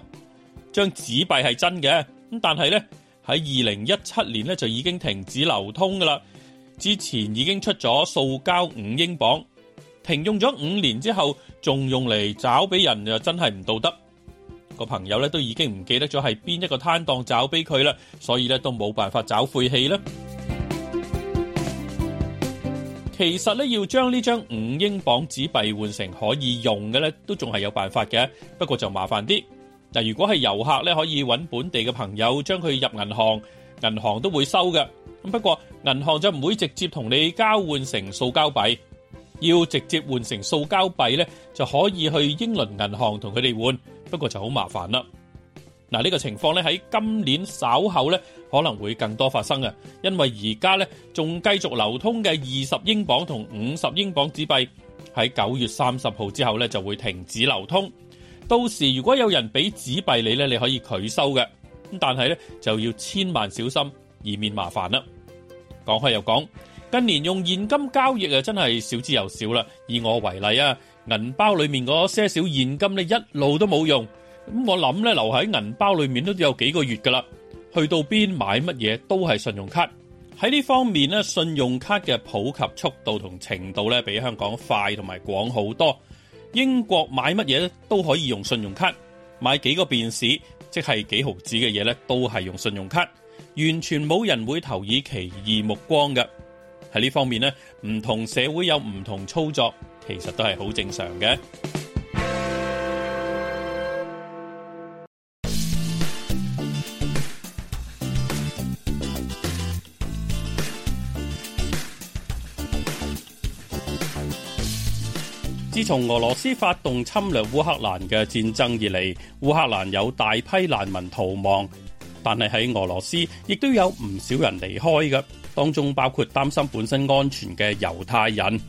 張紙幣係真嘅，咁但係咧喺二零一七年咧就已經停止流通噶啦，之前已經出咗塑膠五英鎊，停用咗五年之後仲用嚟找俾人，就真係唔道德。個朋友咧都已經唔記得咗係邊一個攤檔找俾佢啦，所以咧都冇辦法找晦氣啦。其實咧，要將呢張五英鎊紙幣換成可以用嘅，咧，都仲係有辦法嘅，不過就麻煩啲。嗱，如果係遊客咧，可以揾本地嘅朋友將佢入銀行，銀行都會收嘅。咁不過銀行就唔會直接同你交換成塑膠幣，要直接換成塑膠幣咧，就可以去英倫銀行同佢哋換，不過就好麻煩啦。嗱，呢個情況咧，喺今年稍後咧可能會更多發生嘅，因為而家咧仲繼續流通嘅二十英鎊同五十英鎊紙幣喺九月三十號之後咧就會停止流通，到時如果有人俾紙幣你咧，你可以拒收嘅，咁但係咧就要千萬小心，以免麻煩啦。講開又講，近年用現金交易啊真係少之又少啦。以我為例啊，銀包裡面嗰些少現金咧一路都冇用。咁我諗咧留喺銀包裏面都有幾個月噶啦，去到邊買乜嘢都係信用卡。喺呢方面咧，信用卡嘅普及速度同程度咧，比香港快同埋廣好多。英國買乜嘢咧都可以用信用卡，買幾個便士即係幾毫子嘅嘢咧都係用信用卡，完全冇人會投以奇異目光嘅。喺呢方面咧，唔同社會有唔同操作，其實都係好正常嘅。自從俄羅斯發動侵略烏克蘭嘅戰爭以嚟，烏克蘭有大批難民逃亡，但係喺俄羅斯亦都有唔少人離開嘅，當中包括擔心本身安全嘅猶太人。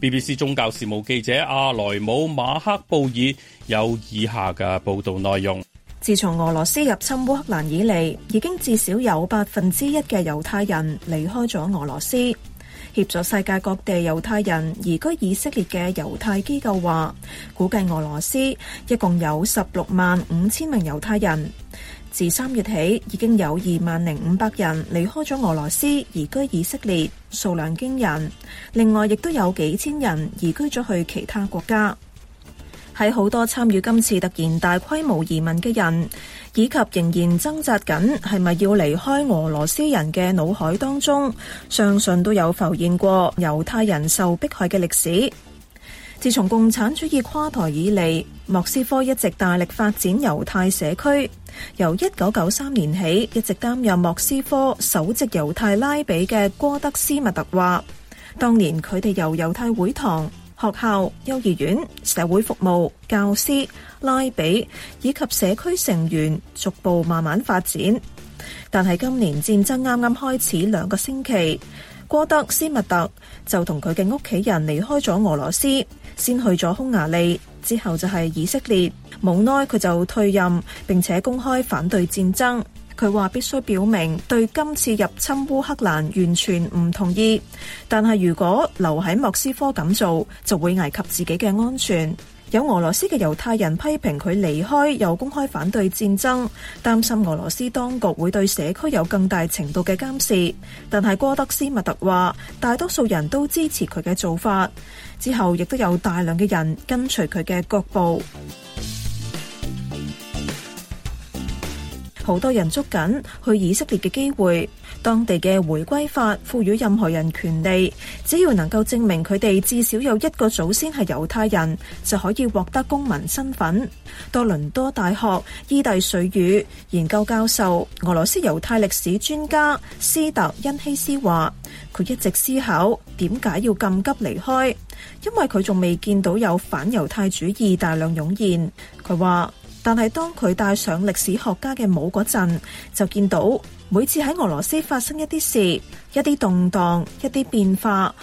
BBC 宗教事務記者阿萊姆馬克布爾有以下嘅報道內容：自從俄羅斯入侵烏克蘭以嚟，已經至少有百分之一嘅猶太人離開咗俄羅斯。協助世界各地猶太人移居以色列嘅猶太機構話，估計俄羅斯一共有十六萬五千名猶太人。自三月起，已經有二萬零五百人離開咗俄羅斯移居以色列，數量驚人。另外，亦都有幾千人移居咗去其他國家。喺好多參與今次突然大規模移民嘅人，以及仍然掙扎緊係咪要離開俄羅斯人嘅腦海當中，相信都有浮現過猶太人受迫害嘅歷史。自從共產主義垮台以嚟，莫斯科一直大力發展猶太社區。由一九九三年起，一直擔任莫斯科首席猶太拉比嘅哥德斯密特話：當年佢哋由猶太會堂、學校、幼兒園、社會服務、教師、拉比以及社區成員逐步慢慢發展，但係今年戰爭啱啱開始兩個星期，哥德斯密特就同佢嘅屋企人離開咗俄羅斯，先去咗匈牙利，之後就係以色列，冇耐，佢就退任，並且公開反對戰爭。佢話必須表明對今次入侵烏克蘭完全唔同意，但係如果留喺莫斯科咁做，就會危及自己嘅安全。有俄羅斯嘅猶太人批評佢離開又公開反對戰爭，擔心俄羅斯當局會對社區有更大程度嘅監視。但係哥德斯密特話，大多數人都支持佢嘅做法，之後亦都有大量嘅人跟隨佢嘅腳步。好多人捉緊去以色列嘅機會，當地嘅回歸法賦予任何人權利，只要能夠證明佢哋至少有一個祖先係猶太人，就可以獲得公民身份。多倫多大學意第緒語研究教授、俄羅斯猶太歷史專家斯特恩希斯話，佢一直思考點解要咁急離開，因為佢仲未見到有反猶太主義大量湧現，佢話。但係當佢戴上歷史學家嘅帽嗰陣，就見到每次喺俄羅斯發生一啲事，一啲動盪，一啲變化，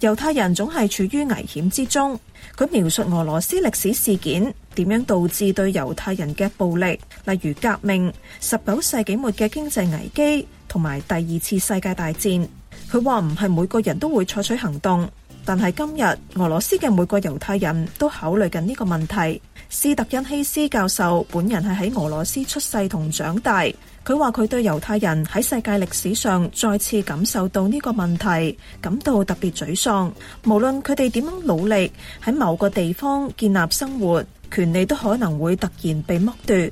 猶太人總係處於危險之中。佢描述俄羅斯歷史事件點樣導致對猶太人嘅暴力，例如革命、十九世紀末嘅經濟危機同埋第二次世界大戰。佢話唔係每個人都會採取行動。但係今日，俄羅斯嘅每個猶太人都考慮緊呢個問題。斯特恩希斯教授本人係喺俄羅斯出世同長大，佢話佢對猶太人喺世界歷史上再次感受到呢個問題感到特別沮喪。無論佢哋點樣努力喺某個地方建立生活，權利都可能會突然被剝奪。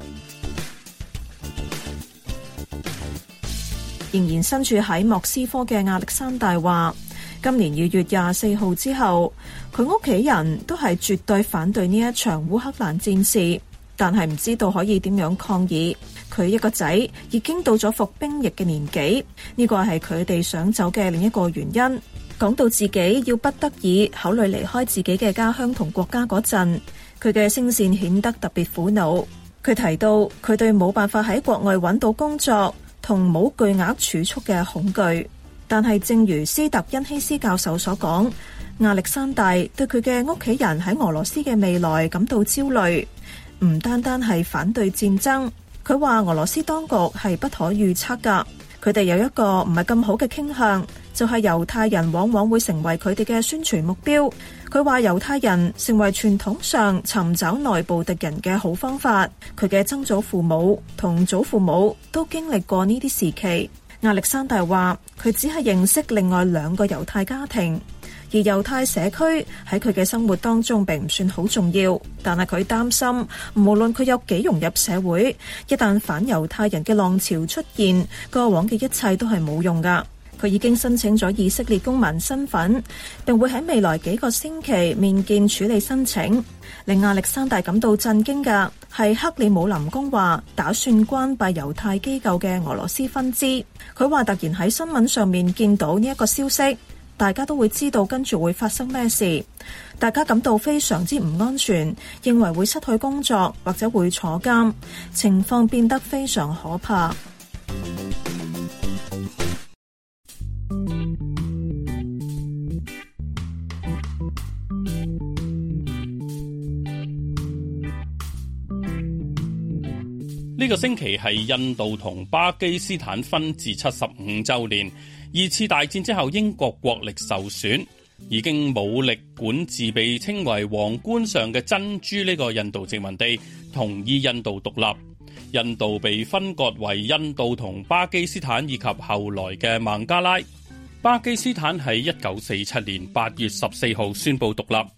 仍然身處喺莫斯科嘅亞歷山大話。今年二月廿四號之後，佢屋企人都係絕對反對呢一場烏克蘭戰事，但係唔知道可以點樣抗議。佢一個仔已經到咗服兵役嘅年紀，呢個係佢哋想走嘅另一個原因。講到自己要不得已考慮離開自己嘅家鄉同國家嗰陣，佢嘅聲線顯得特別苦惱。佢提到佢對冇辦法喺國外揾到工作同冇巨額儲蓄嘅恐懼。但係，正如斯特恩希斯教授所講，亞歷山大，對佢嘅屋企人喺俄羅斯嘅未來感到焦慮。唔單單係反對戰爭，佢話俄羅斯當局係不可預測噶。佢哋有一個唔係咁好嘅傾向，就係、是、猶太人往往會成為佢哋嘅宣傳目標。佢話猶太人成為傳統上尋找內部敵人嘅好方法。佢嘅曾祖父母同祖父母都經歷過呢啲時期。亞歷山大話：佢只係認識另外兩個猶太家庭，而猶太社區喺佢嘅生活當中並唔算好重要。但係佢擔心，無論佢有幾融入社會，一旦反猶太人嘅浪潮出現，過往嘅一切都係冇用㗎。佢已經申請咗以色列公民身份，並會喺未來幾個星期面見處理申請。令亞歷山大感到震驚嘅係克里姆林宮話，打算關閉猶太機構嘅俄羅斯分支。佢話，突然喺新聞上面見到呢一個消息，大家都會知道跟住會發生咩事，大家感到非常之唔安全，認為會失去工作或者會坐監，情況變得非常可怕。呢個星期係印度同巴基斯坦分治七十五周年。二次大戰之後，英國國力受損，已經冇力管治，被稱爲皇冠上嘅珍珠呢個印度殖民地，同意印度獨立。印度被分割爲印度同巴基斯坦以及後來嘅孟加拉。巴基斯坦喺一九四七年八月十四號宣布獨立，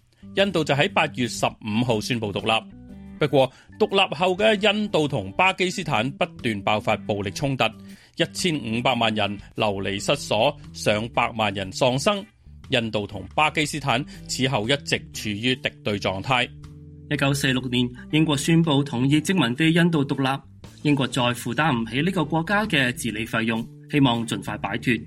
印度就喺八月十五號宣布獨立。不過獨立後嘅印度同巴基斯坦不斷爆發暴力衝突，一千五百萬人流離失所，上百萬人喪生。印度同巴基斯坦此後一直處於敵對狀態。一九四六年，英國宣布同意殖民地印度獨立，英國再負擔唔起呢個國家嘅治理費用，希望盡快擺脫。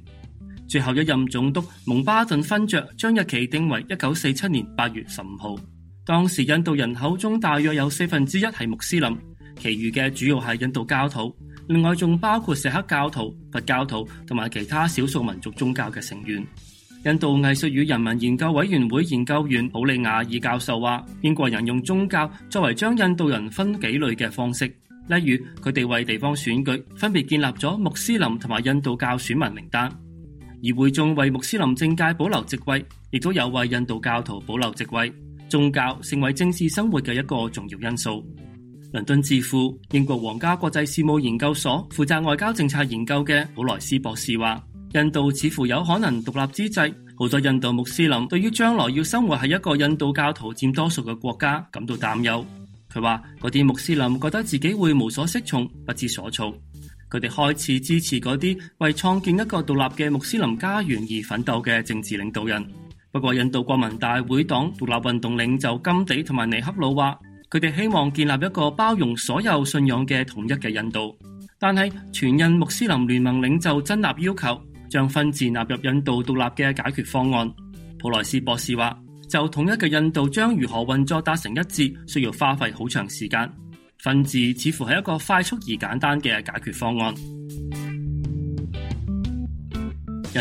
最後一任總督蒙巴頓勳爵將日期定為一九四七年八月十五號。當時印度人口中大約有四分之一係穆斯林，其餘嘅主要係印度教徒，另外仲包括錫克教徒、佛教徒同埋其他少數民族宗教嘅成員。印度藝術與人民研究委員會研究員保里亞爾教授話：英國人用宗教作為將印度人分幾類嘅方式，例如佢哋為地方選舉分別建立咗穆斯林同埋印度教選民名單，而會眾為穆斯林政界保留席位，亦都有為印度教徒保留席位。宗教成為政治生活嘅一個重要因素。倫敦智庫英國皇家國際事務研究所負責外交政策研究嘅普萊斯博士話：印度似乎有可能獨立之際，好多印度穆斯林對於將來要生活喺一個印度教徒佔多數嘅國家感到擔憂。佢話，嗰啲穆斯林覺得自己會無所適從，不知所措。佢哋開始支持嗰啲為創建一個獨立嘅穆斯林家園而奮鬥嘅政治領導人。不過，印度國民大會黨獨立運動領袖甘地同埋尼克魯話，佢哋希望建立一個包容所有信仰嘅統一嘅印度。但係，全印穆斯林聯盟領袖真納要求將分治納入印度獨立嘅解決方案。普萊斯博士話，就統一嘅印度將如何運作達成一致，需要花費好長時間。分治似乎係一個快速而簡單嘅解決方案。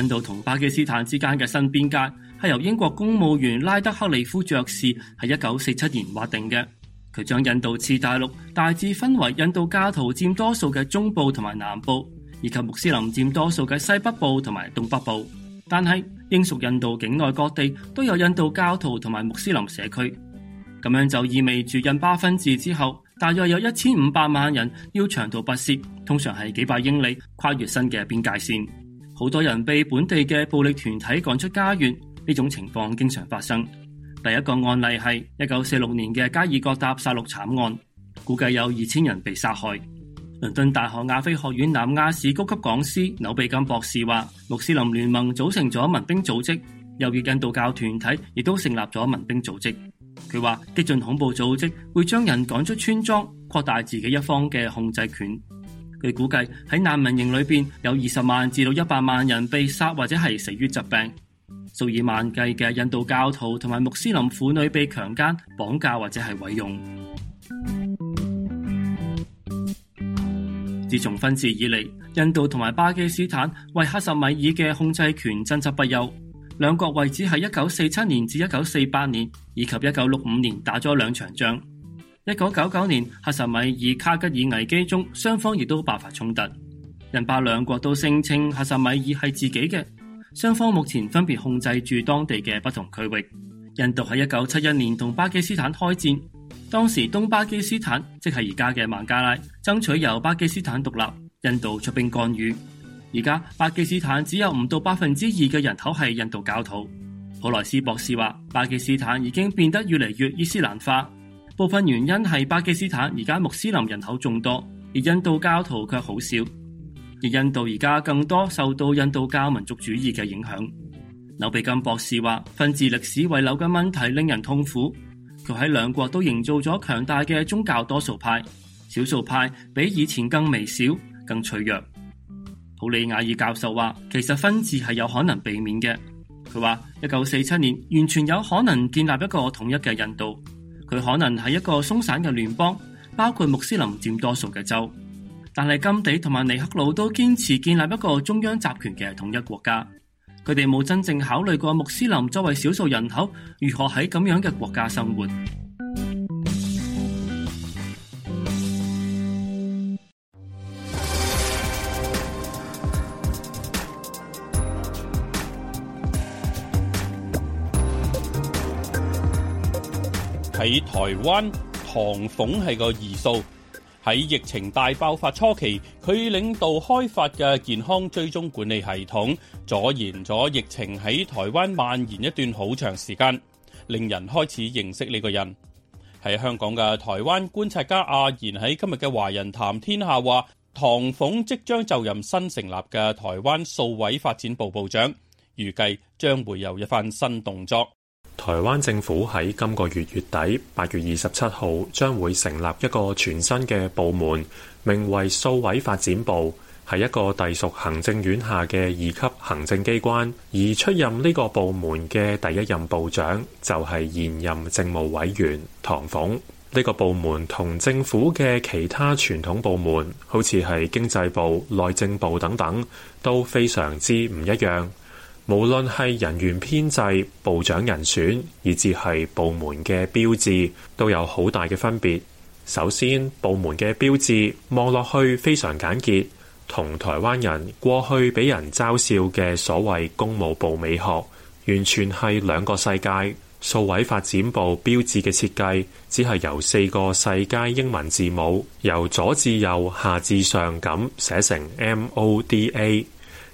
印度同巴基斯坦之間嘅新邊界係由英國公務員拉德克利夫爵士喺一九四七年劃定嘅。佢將印度次大陸大致分為印度教徒佔多數嘅中部同埋南部，以及穆斯林佔多數嘅西北部同埋東北部。但係英屬印度境內各地都有印度教徒同埋穆斯林社區。咁樣就意味住印巴分治之後，大約有一千五百萬人要長途跋涉，通常係幾百英里跨越新嘅邊界線。好多人被本地嘅暴力團體趕出家園。呢種情況經常發生。第一個案例係一九四六年嘅加爾各答殺戮慘案，估計有二千人被殺害。倫敦大學亞非學院南亞史高級講師紐貝金博士話：穆斯林聯盟組成咗民兵組織，有啲印度教團體亦都成立咗民兵組織。佢話激進恐怖組織會將人趕出村莊，擴大自己一方嘅控制權。據估計喺難民營裏邊有二十萬至到一百萬人被殺或者係死於疾病。數以萬計嘅印度教徒同埋穆斯林婦女被強姦、綁架或者係毀容。自從分治以嚟，印度同埋巴基斯坦為克什米爾嘅控制權爭執不休。兩國為此係一九四七年至一九四八年以及一九六五年打咗兩場仗。一九九九年，克什米爾卡吉爾危機中，雙方亦都爆發衝突。印巴兩國都聲稱克什米爾係自己嘅。雙方目前分別控制住當地嘅不同區域。印度喺一九七一年同巴基斯坦開戰，當時東巴基斯坦即係而家嘅孟加拉，爭取由巴基斯坦獨立。印度出兵干預。而家巴基斯坦只有唔到百分之二嘅人口係印度教徒。普萊斯博士話：巴基斯坦已經變得越嚟越伊斯蘭化，部分原因係巴基斯坦而家穆斯林人口眾多，而印度教徒卻好少。而印度而家更多受到印度教民族主義嘅影響。紐比金博士話，分治歷史遺留嘅問題令人痛苦，佢喺兩國都營造咗強大嘅宗教多數派，少數派比以前更微小，更脆弱。普利瓦爾教授話，其實分治係有可能避免嘅。佢話一九四七年完全有可能建立一個統一嘅印度，佢可能係一個鬆散嘅聯邦，包括穆斯林佔多數嘅州。但係，甘地同埋尼赫魯都堅持建立一個中央集權嘅統一國家，佢哋冇真正考慮過穆斯林作為少數人口如何喺咁樣嘅國家生活。喺台灣，唐鳳係個異數。喺疫情大爆發初期，佢領導開發嘅健康追蹤管理系統阻延咗疫情喺台灣蔓延一段好長時間，令人開始認識呢個人。喺香港嘅台灣觀察家阿言喺今日嘅《華人談天下》話，唐鳳即將就任新成立嘅台灣數位發展部部長，預計將會有一番新動作。台灣政府喺今個月月底，八月二十七號將會成立一個全新嘅部門，名為數位發展部，係一個隸屬行政院下嘅二級行政機關。而出任呢個部門嘅第一任部長就係、是、現任政務委員唐鳳。呢、這個部門同政府嘅其他傳統部門，好似係經濟部、內政部等等，都非常之唔一樣。無論係人員編制、部長人選，以至係部門嘅標誌，都有好大嘅分別。首先，部門嘅標誌望落去非常簡潔，同台灣人過去俾人嘲笑嘅所謂公務部美學，完全係兩個世界。數位發展部標誌嘅設計，只係由四個世界英文字母，由左至右、下至上咁寫成 MODA。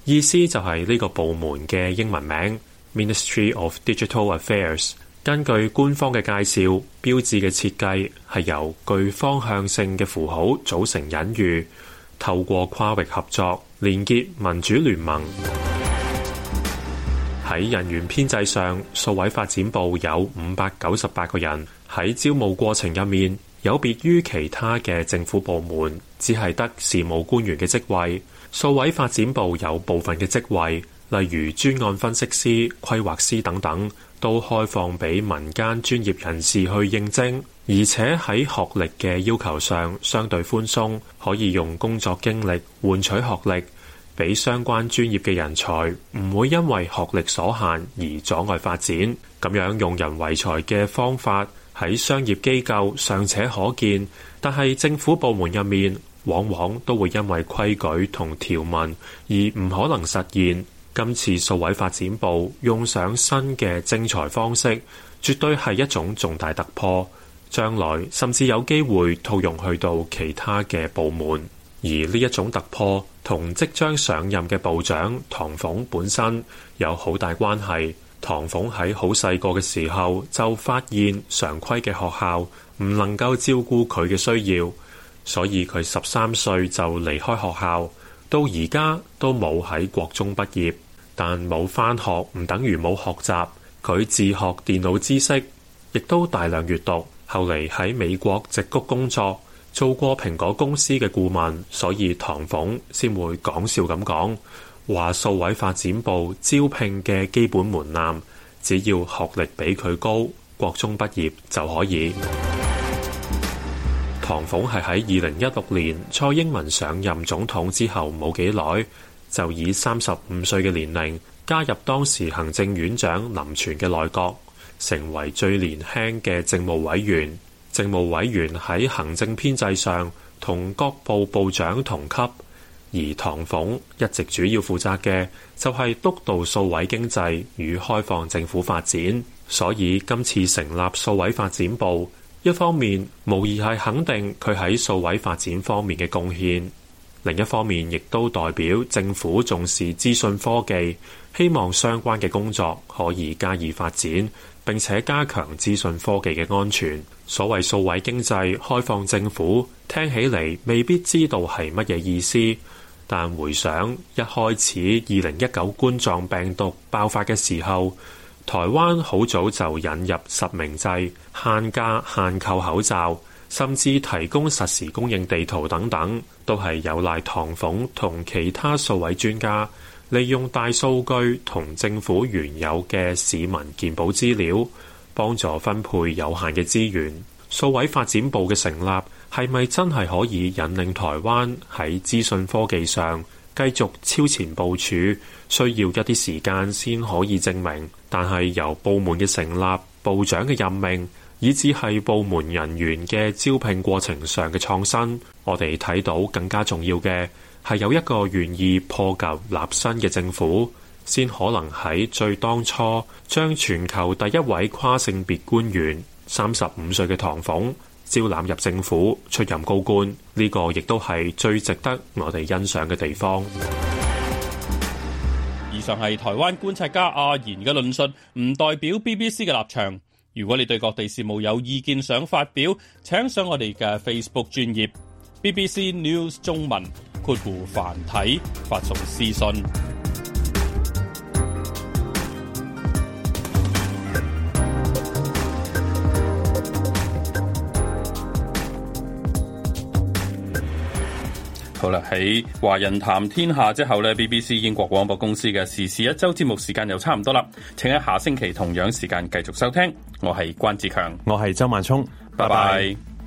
意思就係呢個部門嘅英文名 Ministry of Digital Affairs。根據官方嘅介紹，標誌嘅設計係由具方向性嘅符號組成隱，隱喻透過跨域合作連結民主聯盟。喺人員編制上，數位發展部有五百九十八個人。喺招募過程入面，有別於其他嘅政府部門，只係得事務官員嘅職位。數位發展部有部分嘅職位，例如專案分析師、規劃師等等，都開放俾民間專業人士去應徵，而且喺學歷嘅要求上相對寬鬆，可以用工作經歷換取學歷，俾相關專業嘅人才唔會因為學歷所限而阻礙發展。咁樣用人為才嘅方法喺商業機構尚且可見，但係政府部門入面，往往都會因為規矩同條文而唔可能實現。今次數位發展部用上新嘅徵才方式，絕對係一種重大突破。將來甚至有機會套用去到其他嘅部門。而呢一種突破同即將上任嘅部長唐鳳本身有好大關係。唐鳳喺好細個嘅時候就發現常規嘅學校唔能夠照顧佢嘅需要。所以佢十三歲就離開學校，到而家都冇喺國中畢業，但冇翻學唔等於冇學習。佢自學電腦知識，亦都大量閱讀。後嚟喺美國矽谷工作，做過蘋果公司嘅顧問。所以唐鳳先會講笑咁講，話數位發展部招聘嘅基本門檻，只要學歷比佢高，國中畢業就可以。唐鳳係喺二零一六年蔡英文上任總統之後冇幾耐，就以三十五歲嘅年齡加入當時行政院長林全嘅內閣，成為最年輕嘅政務委員。政務委員喺行政編制上同各部部長同級，而唐鳳一直主要負責嘅就係督導數位經濟與開放政府發展，所以今次成立數位發展部，一方面，無疑係肯定佢喺數位發展方面嘅貢獻；另一方面，亦都代表政府重視資訊科技，希望相關嘅工作可以加以發展，並且加強資訊科技嘅安全。所謂數位經濟、開放政府，聽起嚟未必知道係乜嘢意思，但回想一開始二零一九冠狀病毒爆發嘅時候。台灣好早就引入實名制、限價、限購口罩，甚至提供實時供應地圖等等，都係有賴唐鳳同其他數位專家利用大數據同政府原有嘅市民健保資料，幫助分配有限嘅資源。數位發展部嘅成立係咪真係可以引領台灣喺資訊科技上繼續超前部署？需要一啲時間先可以證明。但係由部門嘅成立、部長嘅任命，以至係部門人員嘅招聘過程上嘅創新，我哋睇到更加重要嘅係有一個願意破舊立新嘅政府，先可能喺最當初將全球第一位跨性別官員三十五歲嘅唐鳳招攬入政府出任高官。呢個亦都係最值得我哋欣賞嘅地方。就係台灣觀察家阿言嘅論述，唔代表 BBC 嘅立場。如果你對各地事務有意見想發表，請上我哋嘅 Facebook 專頁 BBC News 中文，括弧繁體，發送私信。好啦，喺華人談天下之後呢 BBC 英國廣播公司嘅時事一周節目時間又差唔多啦，請喺下星期同樣時間繼續收聽。我係關志強，我係周萬聰，拜拜。